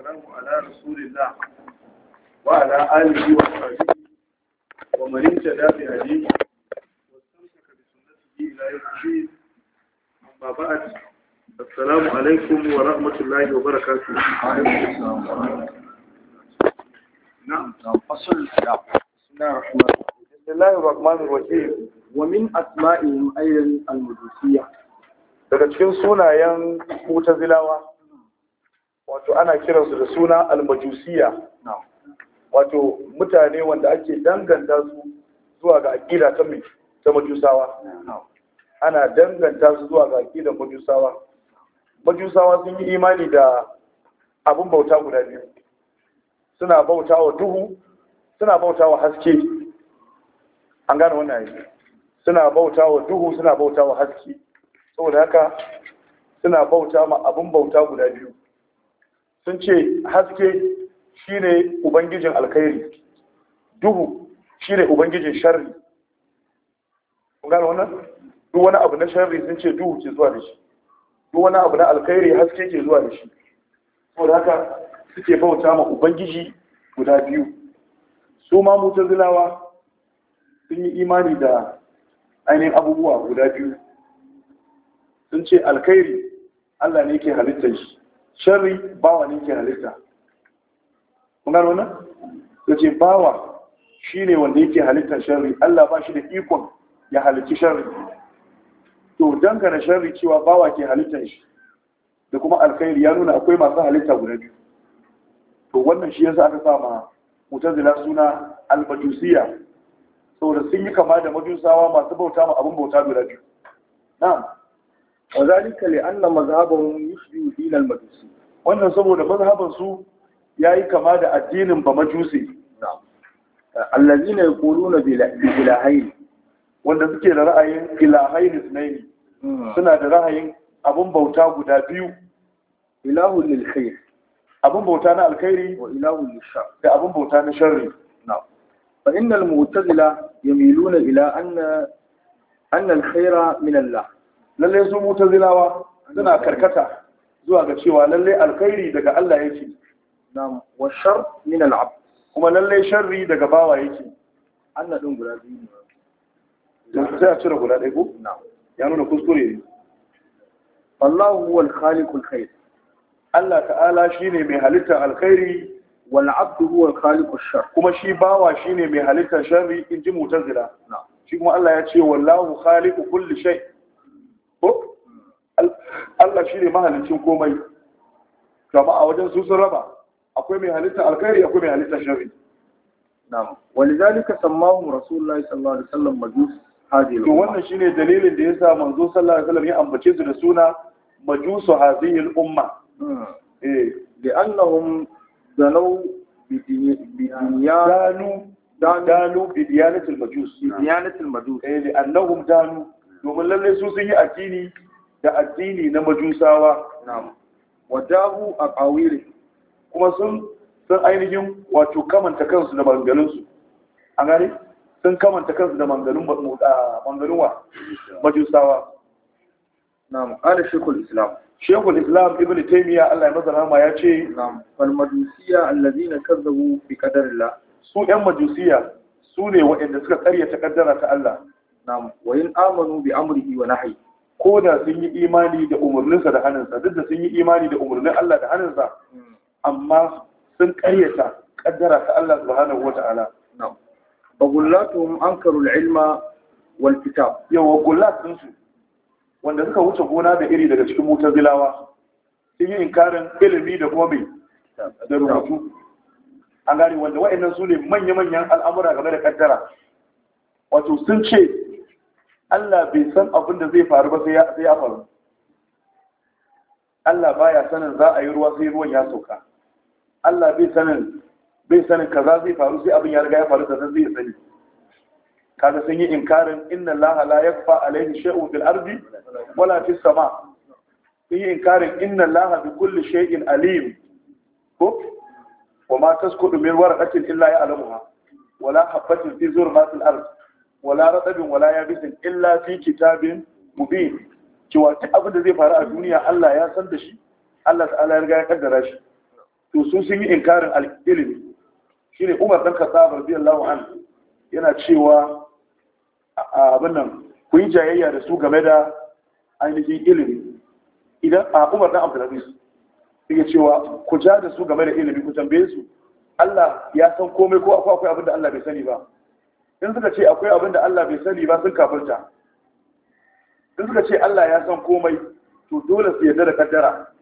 والسلام على رسول الله وعلى آله وصحبه ومن اهتدى بهديه واستمسك بسنته إلى يوم الدين أما بعد السلام عليكم ورحمة الله وبركاته وعليكم السلام ورحمة الله نعم فصل الكتاب بسم الله الرحمن الرحيم بسم الله الرحمن الرحيم ومن أسمائهم أيضا المجوسية daga cikin sunayen mutazilawa wato ana kiransu da suna almajusiya wato mutane wanda ake danganta su zuwa ga aƙida ta mai ta majusawa ana danganta su zuwa ga aƙidan majusawa majusawa sun yi imani da abin bauta guda biyu suna bauta wa duhu suna bauta wa haske an gane wannan yi suna bauta wa duhu suna bauta wa haske saboda haka suna bauta ma abin bauta guda biyu sun ce haske shine ubangijin alkhairi duhu shine ubangijin sharri kun gano wannan duk wani abu na sharri sun ce duhu ke zuwa da shi duk wani abu na alkhairi haske ke zuwa da shi saboda haka suke bauta ma ubangiji guda biyu su ma mutazilawa sun yi imani da ainihin abubuwa guda biyu sun ce alkhairi Allah ne ke halittar shi sharri bawa ne ke halitta kun gano wannan ce bawa ne wanda yake halitta sharri Allah ba shi da ikon ya halitta sharri to dangane sharri cewa bawa ke halitta shi da kuma alkhairi ya nuna akwai masu halitta guda biyu to wannan shi yasa aka sa ma mutazila suna almajusiya saboda sun yi kama da majusawa masu bauta ma abin bauta guda biyu na'am wa zalika li anna mazhabahum yushbihu din al-majusi wannan saboda mazhaban su yi kama da addinin ba majusi allazina yaquluna bil ilahayn wanda suke da ra'ayin ilahayn sunaini hmm. suna da ra'ayin abin bauta guda biyu ilahul lil khair bauta na alkhairi wa ilahul lil shar da abun bauta na sharri na'am fa innal mu'tazila yamiluna ila anna anna al min Allah lalle su mu'tazilawa suna karkata zuwa ga cewa lallai alkhairi daga Allah yake nam wa shar min al'abd kuma lallai sharri daga bawa yake Allah din guda biyu ne sai a cire guda ɗaya ko ya nuna kuskure ne Allahu huwal khaliqul khair Allah ta'ala shine mai halitta alkhairi wal abdu huwa khaliqush shar kuma shi bawa shine mai halitta sharri in ji mutazila shi kuma Allah ya ce wallahu khaliqu kulli shay ko Allah shi ne mahalicin komai kama a wajen sun raba akwai mai halitta alkhairi akwai mai halitta shari na'am walidhalika sammahum rasulullahi sallallahu alaihi wasallam majus hadhihi to wannan shine dalilin da yasa manzo sallallahu alaihi wasallam ya ambace su da suna majus hadhihi al-umma hmm. eh da annahum zalaw majus majus eh da annahum danu domin lalle su sun yi addini da addini na majusawa wadahu a ƙawiri kuma sun ainihin wato kamanta kansu da manganinsu a gani sun kamanta kansu da manganin ah, wa majusawa na'am shekul islam shekul islam ibn taimiyya allah ya mazana ma ya ce na'am falmajusiya allazina kazzabu bi qadarillah su yan majusiya su ne waɗanda suka karyata kaddara ta allah na'am wa in amanu bi amrihi wa nahyi ko da sun yi imani da umarninsa da hannunsa duk da sun yi imani da umarnin Allah da hannunsa amma sun karyata kaddara ta Allah subhanahu wata'ala ba gullatuhum ankaru al-ilma wal kitab yawa gullatun su wanda suka wuce gona da iri daga cikin mutazilawa sun yi inkarin ilimi da kuma mai da rubutu an gane wanda wa'annan su ne manya-manyan al'amura game da kaddara wato sun ce Allah bai san abin da zai faru ba sai ya faru Allah baya sanin za a yi ruwa sai ruwan ya sauka Allah bai sanin bai sanin kaza zai faru sai abin ya riga ya faru da zai sani kaga sun yi inkarin inna Laha la ya yakfa alayhi shay'un fil ardi wala fis sama sun yi inkarin inna Laha bi kulli shay'in alim ko wa ma tasqutu min waraqatin illa ya'lamuha wala habatin fi zulmatil ardi wala raɗabin wala ya bisin illa fi kitabin mubin cewa duk abin da zai faru a duniya Allah ya san da shi Allah ta'ala ya riga ya kaddara shi to su sun yi inkarin ilimi shine Umar dan Khattab radiyallahu anhu yana cewa a abin nan ku yi jayayya da su game da ainihin ilimi idan a Umar dan Abdul Aziz yake cewa ku ja da su game da ilimi ku tambaye su Allah ya san komai ko akwai abin da Allah bai sani ba in suka ce akwai abin da Allah bai sani ba sun kafirta in suka ce Allah ya san komai to dole su yarda da kaddara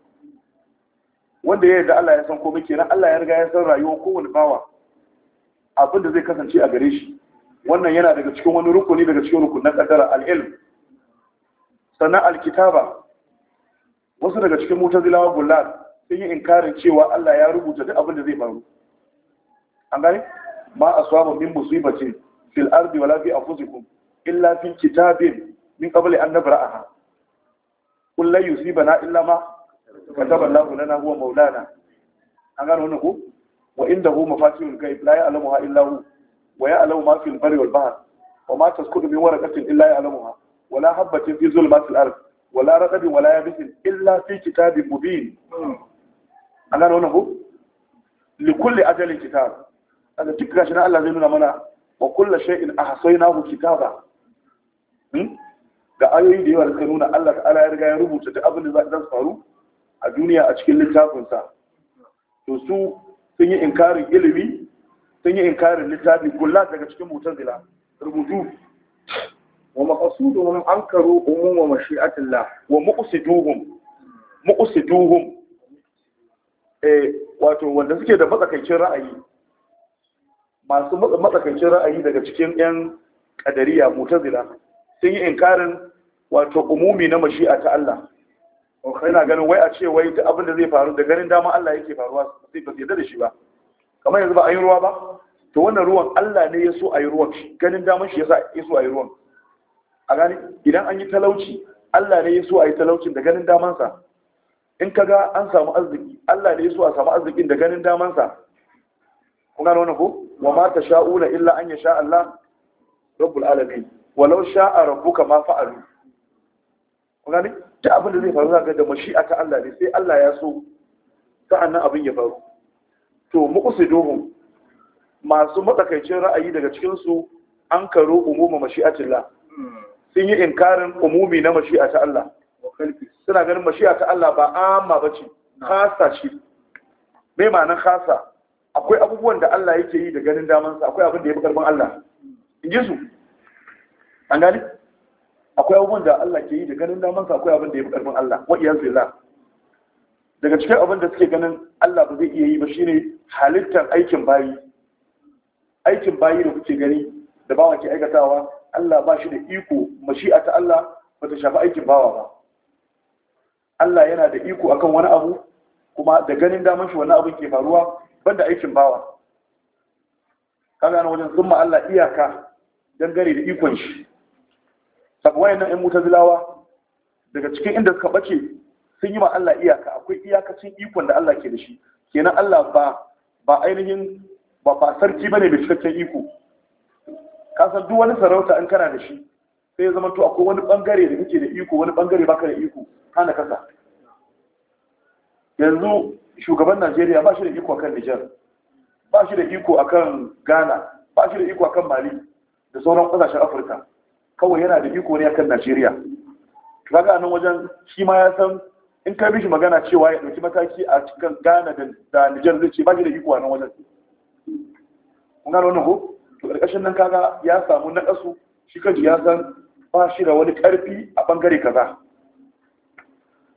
wanda ya yarda Allah ya san komai kenan Allah ya riga ya san rayuwar kowane bawa abin da zai kasance a gare shi wannan yana daga cikin wani rukuni daga cikin rukunin kaddara al-ilm sannan al-kitaba wasu daga cikin mutazilawa Gullar sun yi inkarin cewa Allah ya rubuta duk abin da zai faru an gane ma aswaba min musibatin في الأرض ولا في أنفسكم إلا في كتاب من قبل أن نبرأها قل لا يصيبنا إلا ما كتب الله لنا هو مولانا أنا هنا هو وعنده مفاتيح الغيب لا يعلمها إلا هو ويعلم ما في البر والبحر وما تسكن من ورقة إلا يعلمها ولا حبة في ظلمات الأرض ولا رقب ولا يابس إلا في كتاب مبين أنا هنا هو لكل أجل كتاب هذا تكرا شنا الله زي منا وكل شيء shay'in كتابا kitaba hmm? ga ayoyi da yawa da suka nuna Allah ta'ala ya riga ya rubuta duk abin da za su faru a duniya a cikin littafinsa to su sun yi inkarin ilimi sun yi inkarin littafi kulla daga cikin mutazila rubutu wa maqasuduhum ankaru umum wa mashi'atillah wa muqsiduhum muqsiduhum eh wato wanda suke da matsakaicin ra'ayi masu matsakaicin ra'ayi daga cikin 'yan kadariya mutazila sun yi inkarin wato umumi na a ta Allah yana ganin wai a ce wai ta abin da zai faru da ganin dama Allah yake faruwa sai ba yadda da shi ba kamar yanzu ba a yi ruwa ba to wannan ruwan Allah ne ya so a yi ruwan ganin dama shi ya so a yi ruwan a gani idan an yi talauci Allah ne ya so a yi talaucin da ganin damansa in ka ga an samu arziki Allah ne ya so a samu arzikin da ganin damansa kun gano wannan ko wa ma sha'una illa an yasha Allah rabbul alamin walau sha'a rabbuka ma fa'alu kun gane abin da zai faru zaka da mashi'a ta Allah ne sai Allah ya so sa'annan abin ya faru to dohun masu matsakaicin ra'ayi daga cikin su an karo umuma mashi'atillah sun yi inkarin umumi na mashi'a ta Allah suna ganin mashi'a ta Allah ba amma bace khasa shi me ma'anar khasa akwai abubuwan da Allah yake yi da ganin damansa akwai abin da ya fi karfin Allah in ji su an gani akwai abubuwan da Allah ke yi da ganin damansa akwai abin da ya fi karfin Allah wa iyan zila daga cikin abin da suke ganin Allah ba zai iya yi ba shine halittar aikin bayi aikin bayi da kuke gani da bawa ke aikatawa Allah ba shi da iko mashi'a ta Allah ba ta shafi aikin bawa ba Allah yana da iko akan wani abu kuma da ganin daman shi wani abin ke faruwa banda aikin bawa kaga na wajen tsumma Allah iyaka dangane da ikon shi sabu wayannan ƴan mutazilawa daga cikin inda suka bace sun yi ma Allah iyaka akwai iyakacin ikon da Allah ke da shi kenan Allah ba ba ainihin ba ba sarki bane mai cikakken iko ka san duk wani sarauta in kana da shi sai ya zama to akwai wani bangare da kake da iko wani bangare baka da iko kana kasa yanzu shugaban najeriya ba shi da iko akan nijar ba shi da iko akan ghana ba shi da iko akan mali da sauran kasashen afirka kawai yana da iko ne akan najeriya kaga nan wajen shi ma ya san in ka bi shi magana cewa ya ɗauki mataki a cikin ghana da nijar zai ce ba shi da iko a nan wajen kun gano wannan ko to ƙarƙashin nan kaga ya samu na ƙasu shi kanji ya san ba shi da wani ƙarfi a ɓangare kaza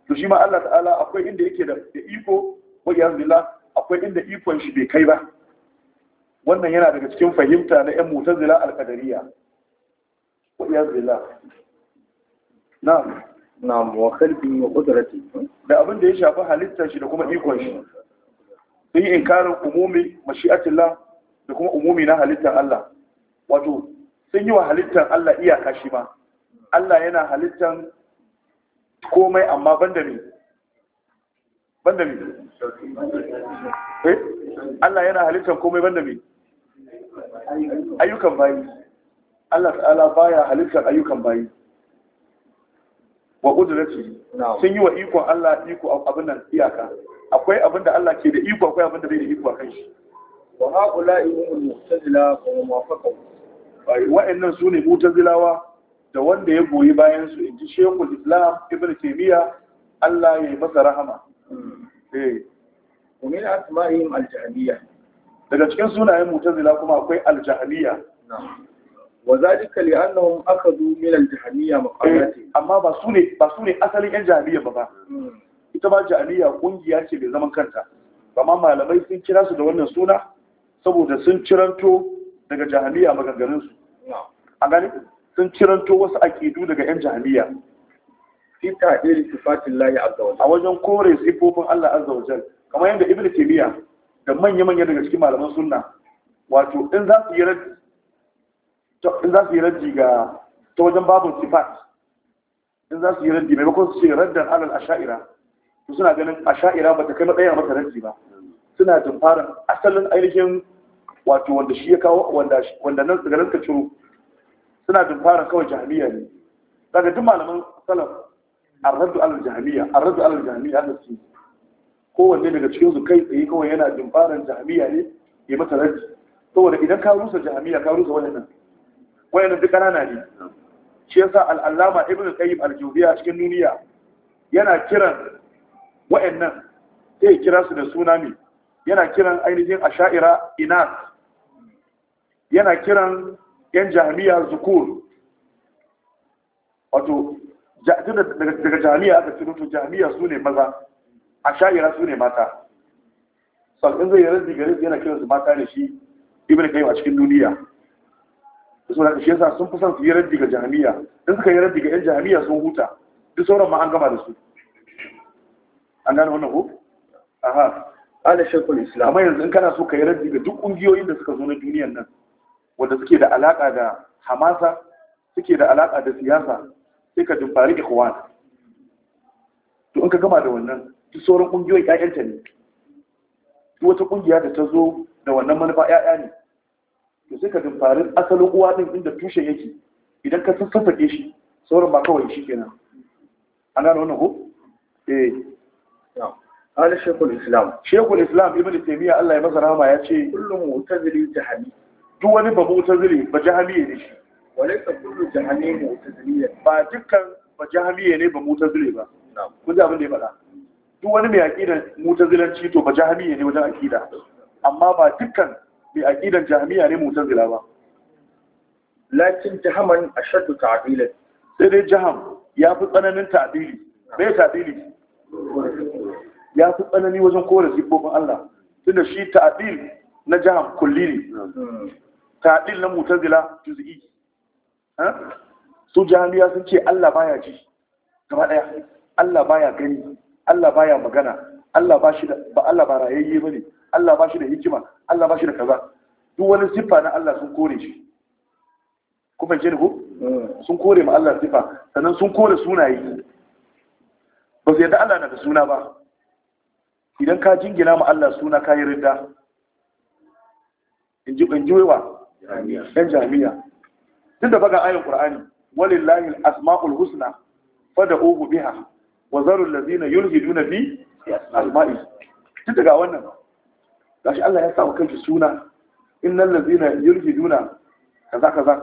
to shi ma Allah ta'ala akwai inda yake da iko wa yanzu akwai inda ikon shi bai kai ba wannan yana daga cikin fahimta na 'yan mutazila alkadariya wa yanzu na'am na'am wa kalbi wa qudrati da abin da ya shafi halittar shi da kuma ikon shi sun yi inkarin umumi mashi'atillah da kuma umumi na halittar Allah wato sun yi wa halittar Allah iyaka shi ma Allah yana halittar komai amma ban da ne banda mi eh Allah yana halittar komai banda mi ayyukan bayi Allah ta'ala baya halittar ayyukan bayi wa qudrati sun yi wa ikon Allah iko abin nan iyaka akwai abin da Allah ke da iko akwai abin da bai da iko a kanshi wa ma humul mu'tazila wa muwafaqu wa'annan sune mu'tazilawa da wanda ya goyi bayan su inji Sheikhul Islam Ibn Taymiyyah Allah ya yi masa rahama Eh. daga cikin sunayen mutazila kuma akwai aljahiliya wazalika li'annahum akhadhu min aljahiliya maqalati eh, amma ba su ne ba su ne asalin yan jahiliya ba ba hmm. ita ba jahiliya kungiya ce da zaman kanta amma malamai sun kira su da wannan suna saboda sun ciranto daga jahiliya maganganunsu. a gani sun ciranto wasu akidu daga yan jahiliya fi ta'dil sifatin lahi azza wa a wajen kore sifofin Allah azza wa kamar yadda ibnu taymiya da manya manya daga cikin malaman sunna wato in za su yi raddi in za su yi raddi ga ta wajen babun sifat in za su yi raddi bakon su ce raddan alal asha'ira to suna ganin asha'ira ba ta kai matsayin mata raddi ba suna tumfarin asalin ainihin wato wanda shi ya kawo wanda wanda nan daga nan ka ciro suna tumfarin kawai jahiliya ne daga duk malaman salaf arraddu alal jahmiya arraddu alal jahmiya da su kowanne daga cikin su kai tsaye kawai yana jimfaran jahmiya ne ya mata saboda idan ka rusa jahmiya ka rusa wannan wannan duk kanana ne shi yasa al-allama ibn qayyim al-jawziya cikin duniya yana kiran wayannan sai kira su da suna ne yana kiran ainihin asha'ira inas yana kiran yan jahmiya zukur wato daga jami'a aka ce to jami'a su ne maza a sha'ira su ne mata sannan zai yarda gare su yana kiran su mata ne shi ibn kayyim a cikin duniya su da shi yasa sun fi son su yi raddi ga jami'a in suka yi raddi ga yan jami'a sun huta duk sauran ma an gama da su an gane wannan ko aha ala shekul islam amma yanzu in kana so ka yi raddi ga duk kungiyoyin da suka zo na duniyan nan wanda suke da alaka da hamasa suke da alaka da siyasa sai ka dumfari ikhwan to in ka gama da wannan duk sauran ƙungiyoyin ƴaƴanta ne duk wata ƙungiya da ta zo da wannan manufa ƴaƴa ne to sai ka dumfari asalin uwa ɗin inda tushen yake idan ka sassafake shi sauran ba kawai shi kenan an gano wannan ko eh قال شيخ الإسلام شيخ Ya ابن rama الله ce. Kullum يا شيء كل مؤتزلي جهمي دو wani ba mu'tazili ba jahamiye ne shi walaisa kullu jahani mu'taziliya ba dukkan ba jahamiye ne ba mu'tazile ba kun ji abin da ya faɗa duk wani mai aqidan mu'tazilanci to ba jahamiye ne wajen aqida amma ba dukkan mai aqidan jahamiya ne mu'tazila ba lakin jahaman ashaddu ta'dilan sai dai jaham ya fi tsananin ta'dili bai ta'dili ya fi tsanani wajen kore sifofin Allah tunda shi ta'dil na jaham kulli ne ta'dil na mu'tazila juz'i su jami'a sun ce Allah baya ji gaba daya Allah baya gani Allah baya magana Allah ba shi da ba Allah ba rayayye bane Allah ba shi da hikima Allah ba shi da kaza duk wani siffa na Allah sun kore shi kuma ce ko hmm. sun kore ma Allah siffa sannan sun kore sunaye ba su yadda Allah na da suna ba idan ka jingina ma Allah suna ka yi ridda in ji wa yan jami'a tunda baga ayin qur'ani walillahi al-asma'ul husna fad'uhu biha wa zaru allazina yulhiduna fi asma'i Tunda ga wannan gashi Allah ya sa wa kanki suna innal ladzina yulhiduna kaza kaza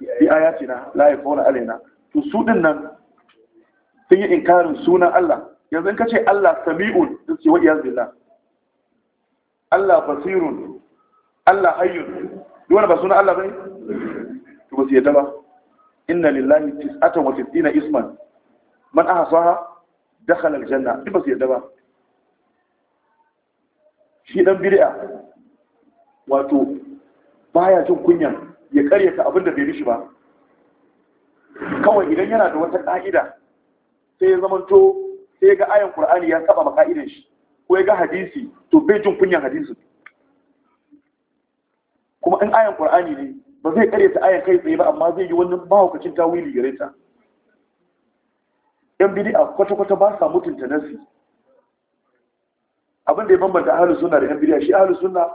bi ayatina la yafuna alaina to su din nan sun yi inkarin sunan Allah yanzu in kace Allah sami'un din ce wa iyaz Allah basirun Allah hayyun duk wanda ba sunan Allah bane to ba su yadda ba inna lillahi tis'atan wa tis'ina isman man ahsaha dakhala aljanna duk ba su yadda ba shi dan bid'a wato baya jin kunya ya karyata abin da bai rishi ba kawai idan yana da wata ka'ida sai ya zamanto sai ya ga ayan qur'ani ya saba maka'idan ka'idan shi ko ya ga hadisi to bai jin kunyan hadisin kuma in ayan qur'ani ne ba zai karyata ayan kai tsaye ba amma zai yi wani mahaukacin tawili gare ta yan a kwata-kwata ba sa mutunta nasi abin da ya bambanta ahlus suna da yan a shi ahlus suna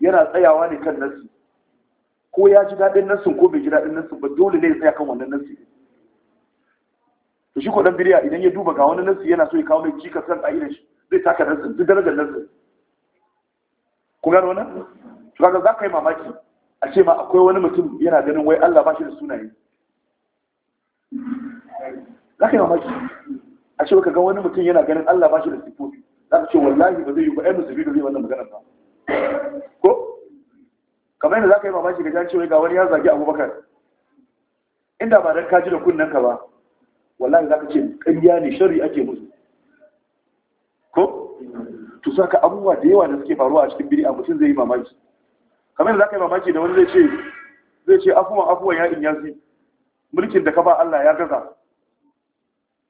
yana tsayawa ne kan nasi ko ya ji daɗin nasin ko bai ji daɗin nasin, ba dole ne ya tsaya kan wannan nasi. to shi ko dan bid'a idan ya duba ga wani nasi yana so ya kawo mai jika kan a da shi zai taka nassin duk darajar nassin ku gano wannan to kaga za ka yi mamaki a ce ma akwai wani mutum yana ganin wai Allah ba shi da sunaye za ka yi mamaki a ce ka ga wani mutum yana ganin Allah ba shi da sifofi za ka ce wallahi ba zai yi ba ɗan musulmi da zai wannan maganar ba ko kamar yadda za ka yi mamaki ga cewa ga wani ya zagi abubakar inda ba don kaji da kunnen ka ba wallahi za ka ce ƙarya ne shari ake musu ko to saka abubuwa da yawa da suke faruwa a cikin biri a mutum zai yi mamaki kamar da za ka yi mamaki da wani zai ce zai ce afuwan afuwan ya in yanzu mulkin da ka ba Allah ya gaza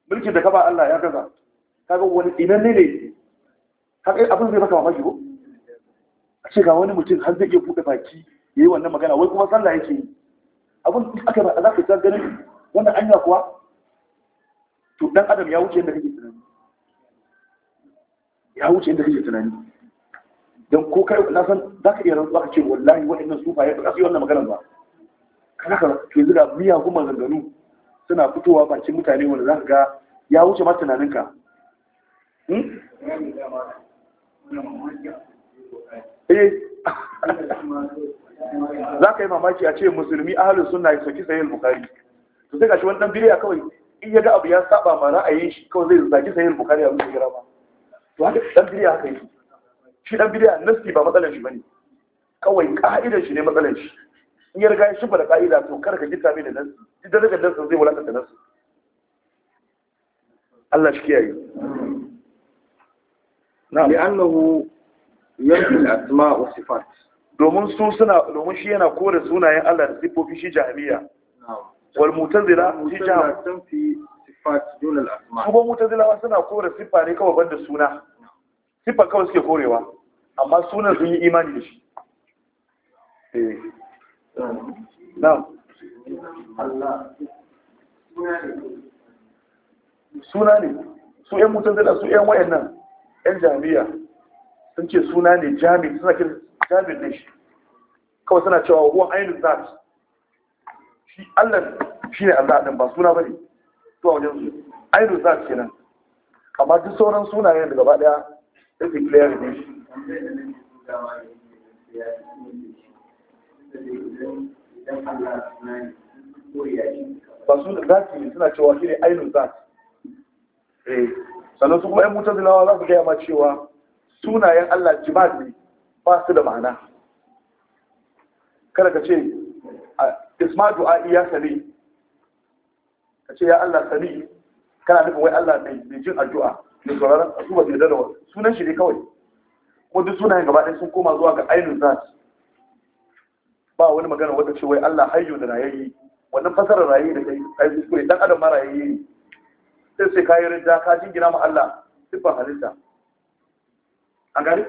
mulkin da ka ba Allah ya gaza kaga wani inan ne ne kaga abin zai baka mamaki ko a ce ga wani mutum har zai iya buɗe baki yayi wannan magana wai kuma sallah yake yi abin aka ba za ka ta ganin wannan anya kuwa to dan adam ya wuce yadda kake tunani ya wuce yadda kake tunani don ko kai na san za ka iya rantsuwa ka ce wallahi waɗannan sufaye ba su yi wannan maganar ba kana ka ke zira kuma maganganu suna fitowa bacin mutane wanda za ka ga ya wuce ma tunaninka hmm? eh. za ka yi mamaki a ce musulmi ahalin suna yi sauki sayin bukari to sai gashi wani dan biriya kawai in ya ga abu ya saba ma ra'ayin shi kawai zai zaki sayin bukari a wuce girama to haka dan biriya haka yi shi dan bidiya nasti ba matsalar shi bane kawai ka'idar shi ne matsalar shi in ya riga ya shimfa da ka'ida to kar ka gita mai da nasti da daga nasti zai wulakanta nasti Allah shi kiyaye na li'annahu yanfil asma wa sifat domin su suna domin shi yana kore sunayen Allah da sifofi shi jahiliya wal mutazila shi jahiliya sun fi sifat asma kuma mutazila suna kore sifa ne kawai banda suna siffar kawai suke korewa amma sunan sun yi imani da shi eh. suna ne su 'yan mutum zina su 'yan wayan nan 'yan jami'a sun ce suna ne jami'a suna kira jami'a ne shi kawai suna cewa wa ainihin zafi shi allah shi ne allah ɗin ba suna ba ne a wajen su ainihin zafi nan, amma duk sauran sunayen da gaba ɗaya sai clear ne da zaki suna cewa shi ne ainihin zaki eh, sannan su kuma 'yan mutar zilawa za su gaya ma cewa sunayen allah jimad ne ba su da ma'ana kada ka ce isma du'a'i ya sani ka ce ya allah sani kana nufin wai Allah mai jin addu'a mai sauraron su ba da wani sunan shi ne kawai ko duk sunayen gaba ɗaya sun koma zuwa ga ainihin zat ba wani magana wata ce wai Allah hayyu da rayayye wannan fasarar rayayye da kai su, kuskure dan adam mara yayi ne sai sai kayi rinda ka jingina ma Allah sifan halitta an gani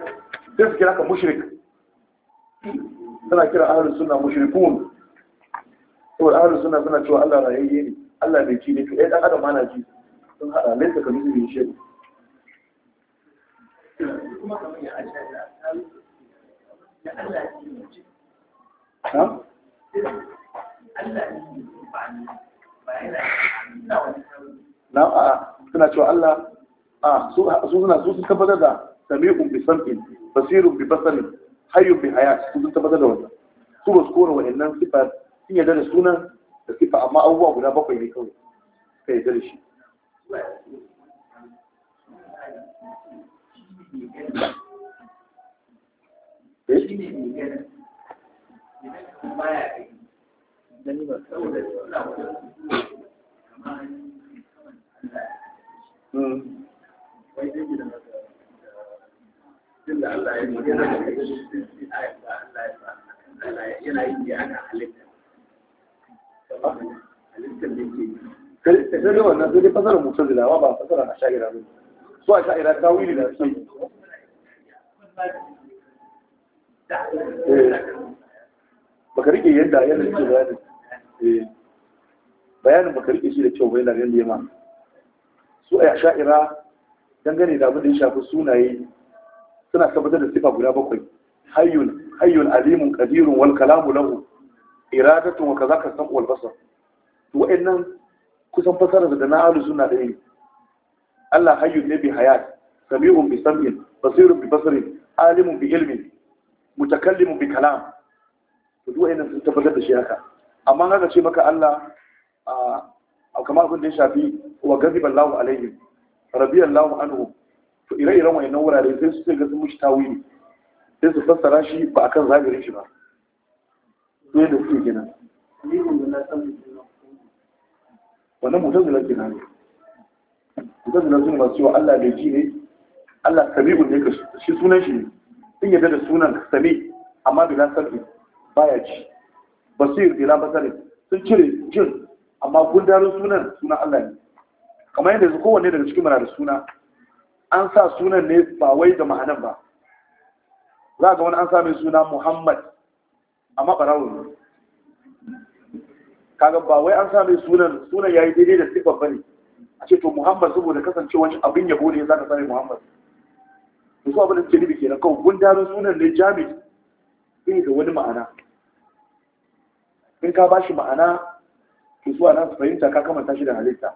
sai su kira ka mushrik suna kira ahlus sunna mushrikun saboda ahlus sunna suna cewa Allah rayayye ne Allah bai ci ne to eh dan adam ma na ji sun haɗa laisa ka mutu ne shi na na? wani a suna cewa Allah a su suna su sun tabbatar da sami'un bi sam'in basirun bi basarin hayyun bi hayat su sun tabbatar da wannan su ba su kora wa'annan sifa sun yarda da sunan da sifa amma abubuwa guda bakwai ne kawai ka yarda da shi yana yi ana halitta halittar da ke kai sai da wannan sai dai fasara mutum da lawa ba fasara a sha'ira ne su a sha'ira ta wili da su eh. baka rike yadda yadda ke eh. bayanin bayanin baka rike shi da kyau bai ya ma. su a sha'ira dangane da abin da ya shafi sunaye suna tabbatar da sifa guda bakwai hayyun hayyun alimun kadirun wal kalamu lahu iradatu wa kazaka sam'u wal basar wa'annan kusan fasarar da na ahlus sunna da ne Allah Hayyu, ne bi hayat sami'un bi sam'in basirun bi basirin alimun bi ilmin mutakallimun bi kalam to duk wa'annan sun tabbatar da shi haka amma haka ce maka Allah a kamar abin da ya shafi wa gaziba Allahu alaihi rabiya Allahu anhu to ire-iren wa'annan wurare sai su ce ga sun mushi tawili sai su fassara shi ba akan zagirin shi ba sai da su gina wannan mutazila ne mutazila sun ba cewa Allah bai ji ne Allah sami'un ne shi sunan shi ne sun yadda da sunan sami amma bila sarfi baya ci. basir bila basari sun cire jin amma gundarin sunan sunan Allah ne kamar yadda kowanne daga cikin mana da suna an sa sunan ne ba wai da ma'anan ba za ga wani an sa mai suna Muhammad amma ɓarawar ne kaga ba wai an sa sunan sunan yayi daidai da sifar bane a ce to Muhammad saboda kasancewa abin yabo ne zaka sani Muhammad to so abin da ke nufi kenan kawai gundarin sunan ne jami sai da wani ma'ana in ka ba shi ma'ana to su ana su fahimta ka kamanta shi da halitta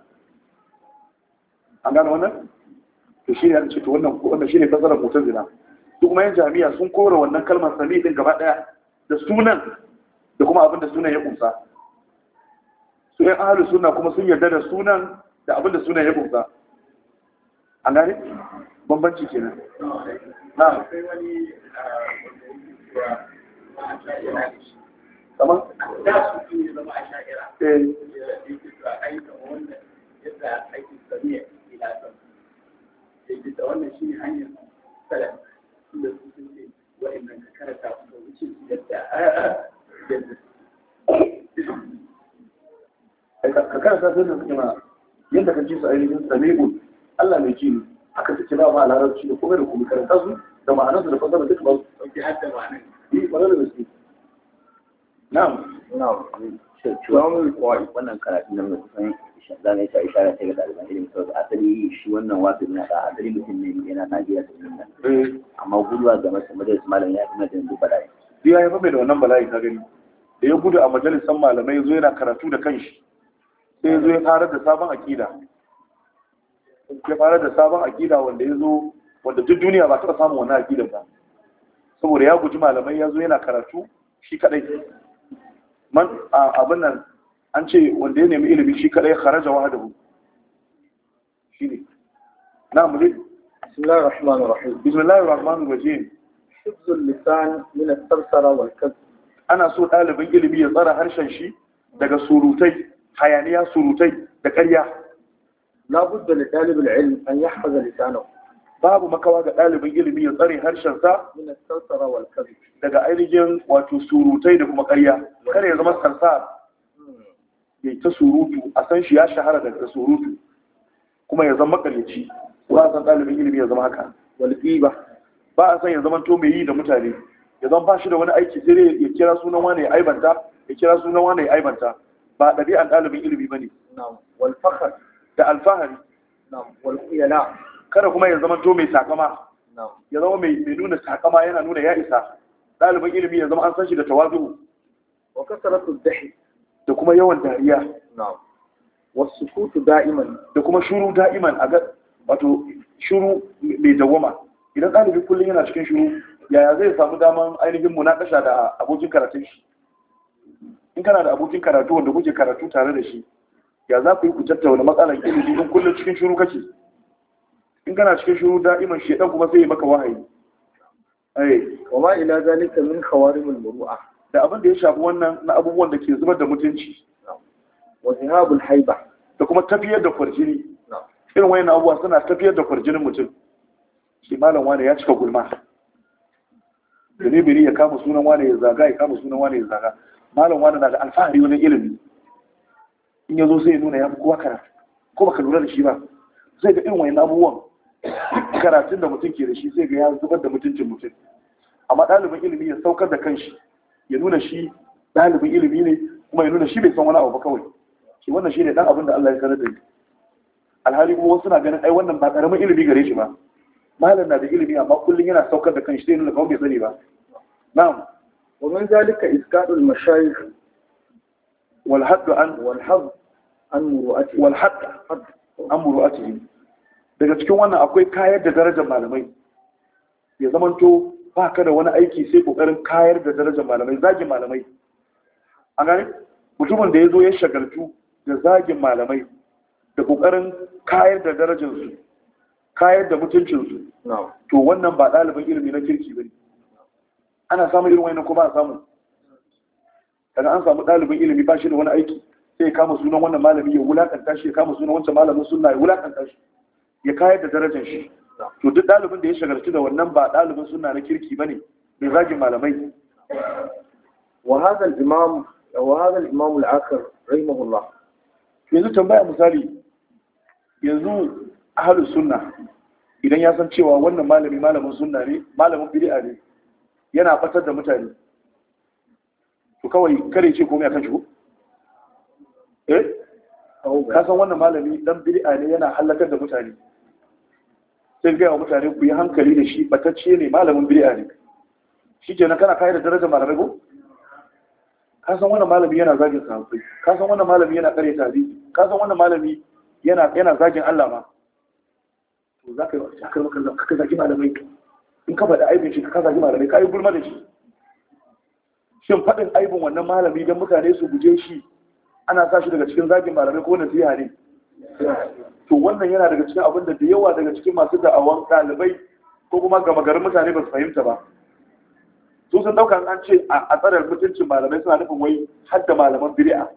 an gano wannan to shi ne ce to wannan wannan shi ne fasarar hoton zina duk kuma jami'a sun kora wannan kalmar sami din gaba daya da sunan da kuma abin da sunan ya kunsa su yan ahalu suna kuma sun yarda da sunan da abin da sunan ya kunsa A gane bambanci kenan na kamar da su yi zama a sha'ira eh wannan yadda aikin ake ya ila san da wannan shine hanyar salaf da su sun ce wa'annan ka karata, su da wuce yadda yadda ka sa sai da suke ma yadda ka ji su ainihin sami'un Allah mai ji haka suke ba ma larabci da kuma da kuma karanta su da ma'anar su da fasara duk ba su ɗauki har ma'anar yi ƙwarar da gaske na'am na'am cewa kawai wannan karatu na mai kusan za mu ta ishara ta ga ɗaliban ilimin sau asali shi wannan wasu na da asali mutum ne yana najiya da nan eh. amma guduwa ga masu majalisar malam ya fi na yanzu bala'i. Biya ya fi mai da wannan bala'i ka gani da ya gudu a majalisar malamai zo yana karatu da kanshi sai zo ya fara da sabon akida ya farar da sabon akida wanda ya zo wanda duk duniya ba ta samun wannan akida ba saboda ya guji malamai ya zo yana karatu shi kadai man abin nan an ce wanda ya nemi ilimi shi kadai kharaja shi ne na mu ne bismillahir rahmanir rahim bismillahir rahmanir rahim hifzul lisan min as-sarsara wal kadhib ana so dalibin ilimi ya tsara harshen shi daga surutai hayaniya surutai da ƙarya labudda li talibul ilm an yahfaza lisanahu babu makawa ga ɗalibin ilimi ya tsare harshensa daga ainihin wato surutai da kuma ƙarya kar ya zama sarsar ya ta surutu a san shi ya shahara ta surutu kuma ya zama ƙaryaci ba a san ɗalibin ilimi ya zama haka walƙiba ba a san ya zama to mai yi da mutane ya zama ba shi da wani aiki sai ya kira sunan wani ya aibanta ya kira sunan wani ya aibanta ba ɗabi'an ɗalibin ilimi ba ne da alfahari kada kuma ya zama to mai sakama ya zama mai nuna sakama yana nuna ya isa ɗalibin ilimi ya zama an san shi da tawazu wa kasaratu dahi da kuma yawan dariya wasu kutu da'iman da kuma shuru da'iman a ga wato shuru mai dawama idan ɗalibin kullum yana cikin shuru yaya zai samu daman ainihin munakasha da abokin karatun shi in kana da abokin karatu wanda kuke karatu tare da shi ya za ku yi ku tattauna matsalar ilimi in kullum cikin shiru kake in kana cikin shiru da'iman shedan kuma sai ya maka wahayi eh. ai kuma ila zalika min khawarimul muru'a da abin da ya shafi wannan na abubuwan da ke zubar da mutunci wa zihabul haiba da kuma tafiyar da kwarjini irin wayan abubuwa suna tafiyar da kwarjinin mutum shi malam wani ya cika gulma da biri ya kama sunan wani ya zaga ya kama sunan wani ya zaga malam wani na da alfahari wani ilimi in ya zo sai ya nuna ya fi kowa karatu ko baka lura da shi ba zai ga irin wani abubuwan karatun da mutum ke da shi zai ga ya zubar da mutuncin mutum amma ɗalibin ilimi ya saukar da kanshi ya nuna shi ɗalibin ilimi ne kuma ya nuna shi bai san wani abu ba kawai shi wannan shi ne ɗan abin da Allah ya sanar da ni alhali kuma wasu na ganin ai wannan ba ƙaramin ilimi gare shi ba malam na da ilimi amma kullum yana saukar da kanshi zai nuna kawai bai sani ba na'am ومن ذلك إسكاد المشايخ والحد عن والحظ عن مروءتهم والحد عن مروءتهم daga cikin wannan akwai kayar da darajar malamai ya zamanto ba ka da wani aiki sai kokarin kayar da darajar malamai zagin malamai a gani mutumin da ya zo ya shagaltu da zagin malamai da kokarin kayar da darajarsu kayar da mutuncinsu to wannan ba ɗalibin ilimi na kirki ba ne ana samun irin wani ko ba a samu daga an samu ɗalibin ilimi ba shi da wani aiki sai ya kama sunan wannan malami ya wulakanta shi ya kama sunan wancan malamin sunna ya wulakanta shi ya kayar da darajar shi to duk ɗalibin da ya shagarci da wannan ba ɗalibin sunna na kirki bane mai zagin malamai wa hadha imam wa imam al rahimahullah yanzu tambaya misali yanzu ahlus sunna idan ya san cewa wannan malami malamin sunna ne malamin bid'a ne yana fatar da mutane to kawai kare ce komai akan shigo eh ka san wannan malami dan bid'a ne yana halakar da mutane sai ga wa mutane ku yi hankali da shi batacce ne malamin bid'a ne shikenan kana kai da darajar malamai ko ka san wannan malami yana zagin sahabbai ka san wannan malami yana kare tabi ka san wannan malami yana yana zagin Allah ma to zaka yi wa shakar maka zaka zagi malamai in ka faɗi aibin shi ka kasa shi malamai ka yi gulma da shi shin faɗin aibin wannan malami don mutane su guje shi ana sa shi daga cikin zagin malamai ko nasiha ne to wannan yana daga cikin abin da da yawa daga cikin masu da'awan ɗalibai ko kuma gama garin mutane ba su fahimta ba su sun ɗauka an ce a tsarar mutuncin malamai suna nufin wai hadda malaman biri'a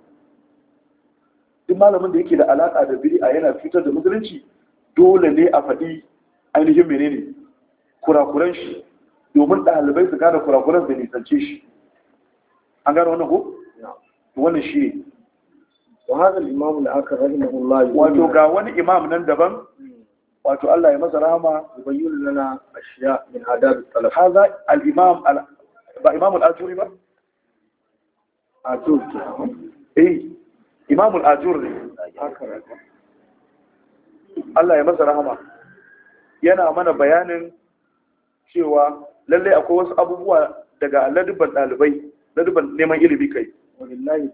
duk malamin da yake da alaƙa da biri'a yana cutar da musulunci dole ne a faɗi ainihin menene kurakuran shi domin ɗalibai su gane kurakuran da nisance shi an gane wani ko Wani shi ne wa hadal imam da aka rahimahullah wato ga wani imam nan daban hmm. wato Allah ya masa rahama yubayyin lana ashiya min adab talaf hadha al imam ba imam al ajuri ba ajur eh imam al ajur ne Allah ya masa rahama yana mana bayanin cewa lallai akwai wasu abubuwa daga ladubban ɗalibai ladubban neman ilimi kai wallahi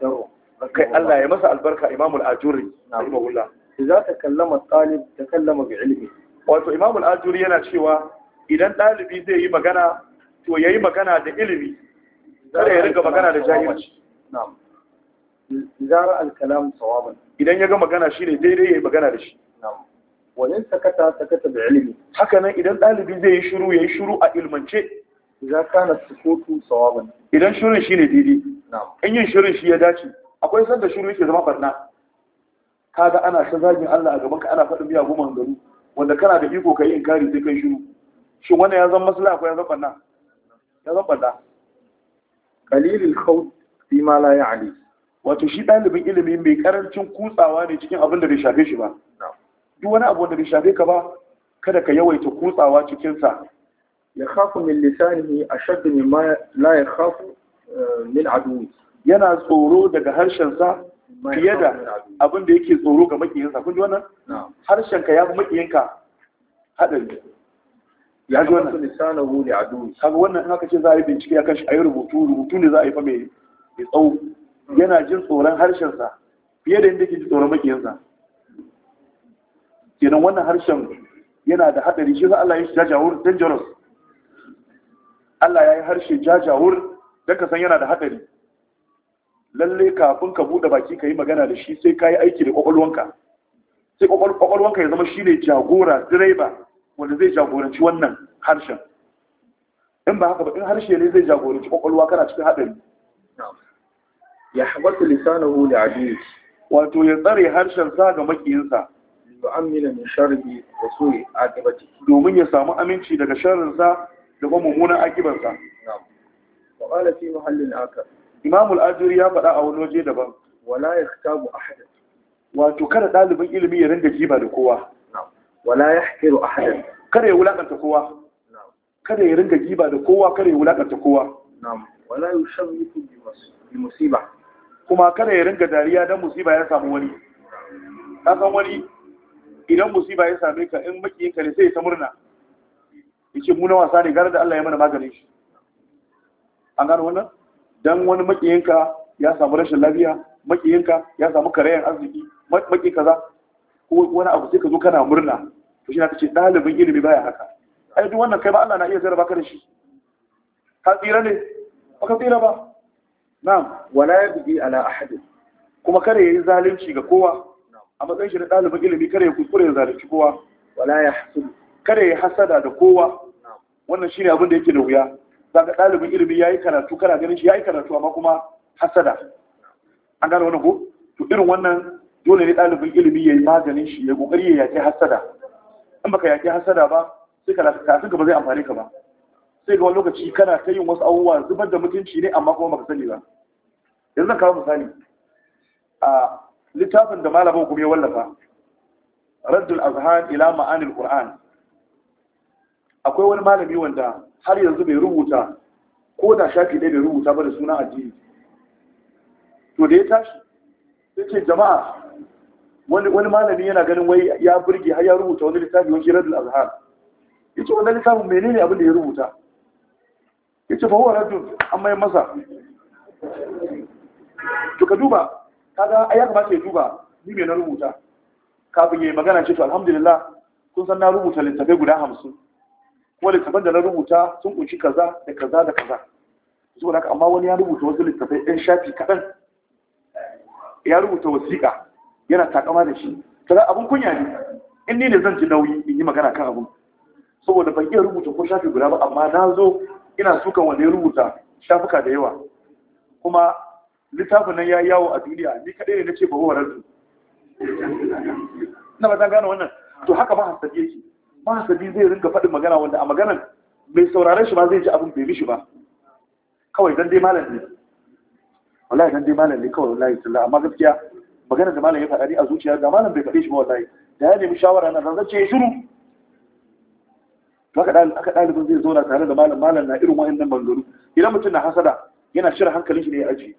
kai Allah ya masa albarka imamul ajuri za idza kallama talib kallama bi ilimi, wato imamul ajuri yana cewa idan ɗalibi zai yi magana to yayi magana da ilimi kada ya riga magana da jahilci na'am al kalam sawaban idan ya ga magana shine daidai yayi magana da shi wajen sakata sakata da ilimi haka nan idan ɗalibi zai yi shiru ya yi shiru a ilmance za ka na sukutu sawaban idan shirin shi ne daidai in yin shirin shi ya dace akwai sanda shiru yake zama barna kaga ana ta zagin Allah a gaban ka ana faɗin biya goma gari wanda kana da iko kai inkari sai kai shiru shin wannan ya zama maslaha ko ya zama barna ya zama barna qalilul khawf fi ma la ya'ni wato shi ɗalibin ilimi mai karancin kutsawa ne cikin abin da bai shafe shi ba na'am duk wani abu da bai shafe ka ba kada ka yawaita kutsawa cikin sa ya khafu min lisanihi ashadd mimma la khafu eh, min aduwi yana tsoro daga harshen sa fiye da abin da yake tsoro ga makiyinsa kun ji wannan harshen ka ya fi makiyinka hadari ya ji wannan lisanahu li aduwi kaga wannan in aka ce za a yi bincike akan shi a yi rubutu rubutu ne za a yi fa mai tsawo mm. yana jin tsoron harshen sa fiye da inda yake ji tsoron makiyinsa kenan wannan harshen yana da haɗari shi za Allah ya shi jajawur dangerous Allah ya yi harshe jajawur don ka san yana da haɗari lalle kafin ka buɗe baki ka yi magana da shi sai ka yi aiki da ƙwaƙwalwanka sai ƙwaƙwalwanka ya zama shi ne jagora direba wanda zai jagoranci wannan harshen in ba haka ba in harshe ne zai jagoranci ƙwaƙwalwa kana cikin haɗari ya haɓatu lisanahu da adiyus wato ya tsare harshen sa ga makiyinsa yu'ammina min sharri wa su'i aqibati domin ya samu aminci daga sharrin sa da kuma mummunan akibar sa wa qala fi mahallin akar imam al-ajuri ya faɗa a wani waje daban wala yaktabu ahadan wato kada dalibin ilimi ya rinda jiba da kowa wala yahqiru ahadan kada ya wulakanta kowa kada ya ringa jiba da kowa kada ya wulakanta kowa na'am wala yushammitu bi musiba kuma kada ya ringa dariya don musiba ya samu wani san wani idan musiba ya same ka in makiyinka ne sai ta murna yace mu na wasa ne gara da Allah ya mana maganin shi an gano wannan dan wani makiyinka ya samu rashin lafiya makiyinka ya samu karayan arziki maki kaza ko wani abu sai ka zo kana murna to shi na ce dalibin ilimi baya haka ai duk wannan kai ba Allah na iya zara baka da shi ka tsira ne ba ka tsira ba na'am wala yabdi ala ahad kuma kare yayi zalunci ga kowa a matsayin shi da ɗalibin ilimi kada ya kuskure ya zalunci kowa wala ya hasada. kada ya hasada da kowa wannan shine abin da yake da wuya zaka ɗalibin ilimi yayi karatu kana ganin shi yayi karatu amma kuma hasada an gane wannan ko to irin wannan dole ne ɗalibin ilimi yayi maganin shi ya kokari ya yaki hasada in baka yaki hasada ba sai ka kafin ka ba zai amfane ka ba sai ga wani lokaci kana ta yin wasu abubuwa zubar da mutunci ne amma kuma baka sani ba yanzu zan kawo misali a ah, littafin da malamin kuma ya wallafa raddul azhan ila ma'anil qur'an akwai wani malami wanda har yanzu bai rubuta ko da shafi ɗaya bai rubuta ba da sunan addini to da ya tashi sai ce jama'a wani wani malami yana ganin wai ya burge har ya rubuta wani littafi wani raddul azhan yace wannan littafin menene abin da ya rubuta yace fa huwa raddul amma ya masa to ka duba kaga ai ya kamata ya duba ni me na rubuta kafin yayi magana ce to alhamdulillah kun san na rubuta littafai guda hamsin ko littafan da na rubuta sun kunshi kaza da kaza da kaza zuwa haka amma wani ya rubuta wasu littafai ɗan shafi kaɗan ya rubuta wasiƙa yana takama da shi kaga abun kunya ne in ni ne zan ji nauyi in yi magana kan abun saboda ban iya rubuta ko shafi guda ba amma na zo ina sukan wanda ya rubuta shafuka da yawa kuma littafin nan ya yi yawo a duniya ni kaɗai ne na ce ba warar su na ba zan gano wannan to haka hasabi yake hasabi zai ringa faɗin magana wanda a maganan mai sauraron shi ba zai ji abin bai mishi ba kawai dan dai malam ne wallahi dan dai malam ne kawai wallahi sallah amma gaskiya maganar da malam ya faɗa ni a zuciya da malam bai faɗe shi ba wallahi da ya nemi shawara na zan zace shiru to haka ɗalibin zai zauna tare da malam malam na irin wa'annan bangaru idan mutum na hasada yana shirin hankalin shi ne ya ajiye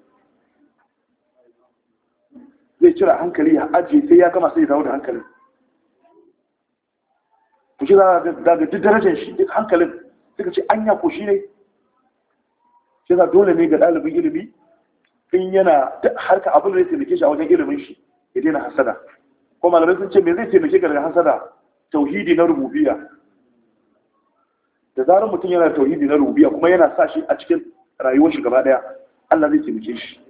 zai cira hankali ya ajiye sai ya kama sai ya dawo da hankali ku shi za ga duk darajar shi duk hankalin suka ce anya ko shi ne shi za dole ne ga ɗalibin ilimi in yana harka abin da zai taimake shi a wajen ilimin shi ya daina hasada ko malamai sun ce me zai taimake ga daga hasada tauhidi na rububiya da zarar mutum yana tauhidi na rububiya kuma yana sa shi a cikin rayuwar shi gaba daya Allah zai taimake shi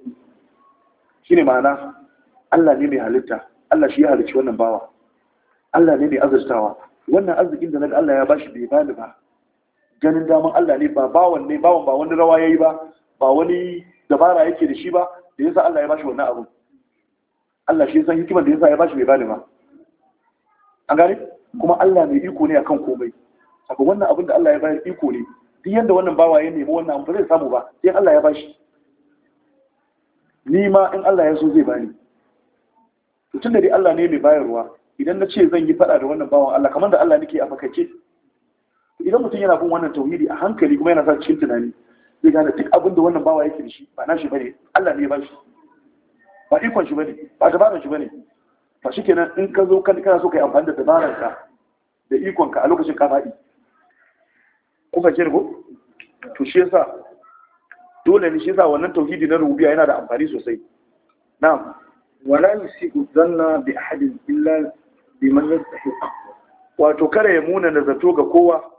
shine ma'ana Allah ne mai halitta Allah shi ya halicci wannan bawa Allah ne mai azurtawa wannan arzikin da Allah ya bashi bai bani ba ganin daman Allah ne ba bawan ne bawan ba wani rawa yayi ba ba wani dabara yake da shi ba da yasa Allah ya bashi wannan abu Allah shi ya san hikimar da yasa ya bashi bai bani ba an gane kuma Allah mai iko ne akan komai saka wannan abin da Allah ya bayar iko ne duk yanda wannan bawa ya nemi wannan abu ba zai samu ba sai Allah ya bashi ni ma in Allah ya so zai bani mutum da dai Allah ne mai bayarwa idan na ce zan yi faɗa da wannan bawan Allah kamar da Allah nake a fakake idan mutum yana bin wannan tauhidi a hankali kuma yana sa cikin tunani zai gane duk abin da wannan bawa yake da shi ba nashi bane Allah ne ya shi ba ikon shi bane ba dabaran shi bane ba shikenan in ka zo kan kana so kai amfani da dabaran ka da ikon ka a lokacin kafadi ko ka fake ko to shi yasa dole ne shi yasa wannan tauhidi na rubiya yana da amfani sosai na'am wala yusiku zanna bi ahadin illa biman yastahiq wato kare ya muna na zato ga kowa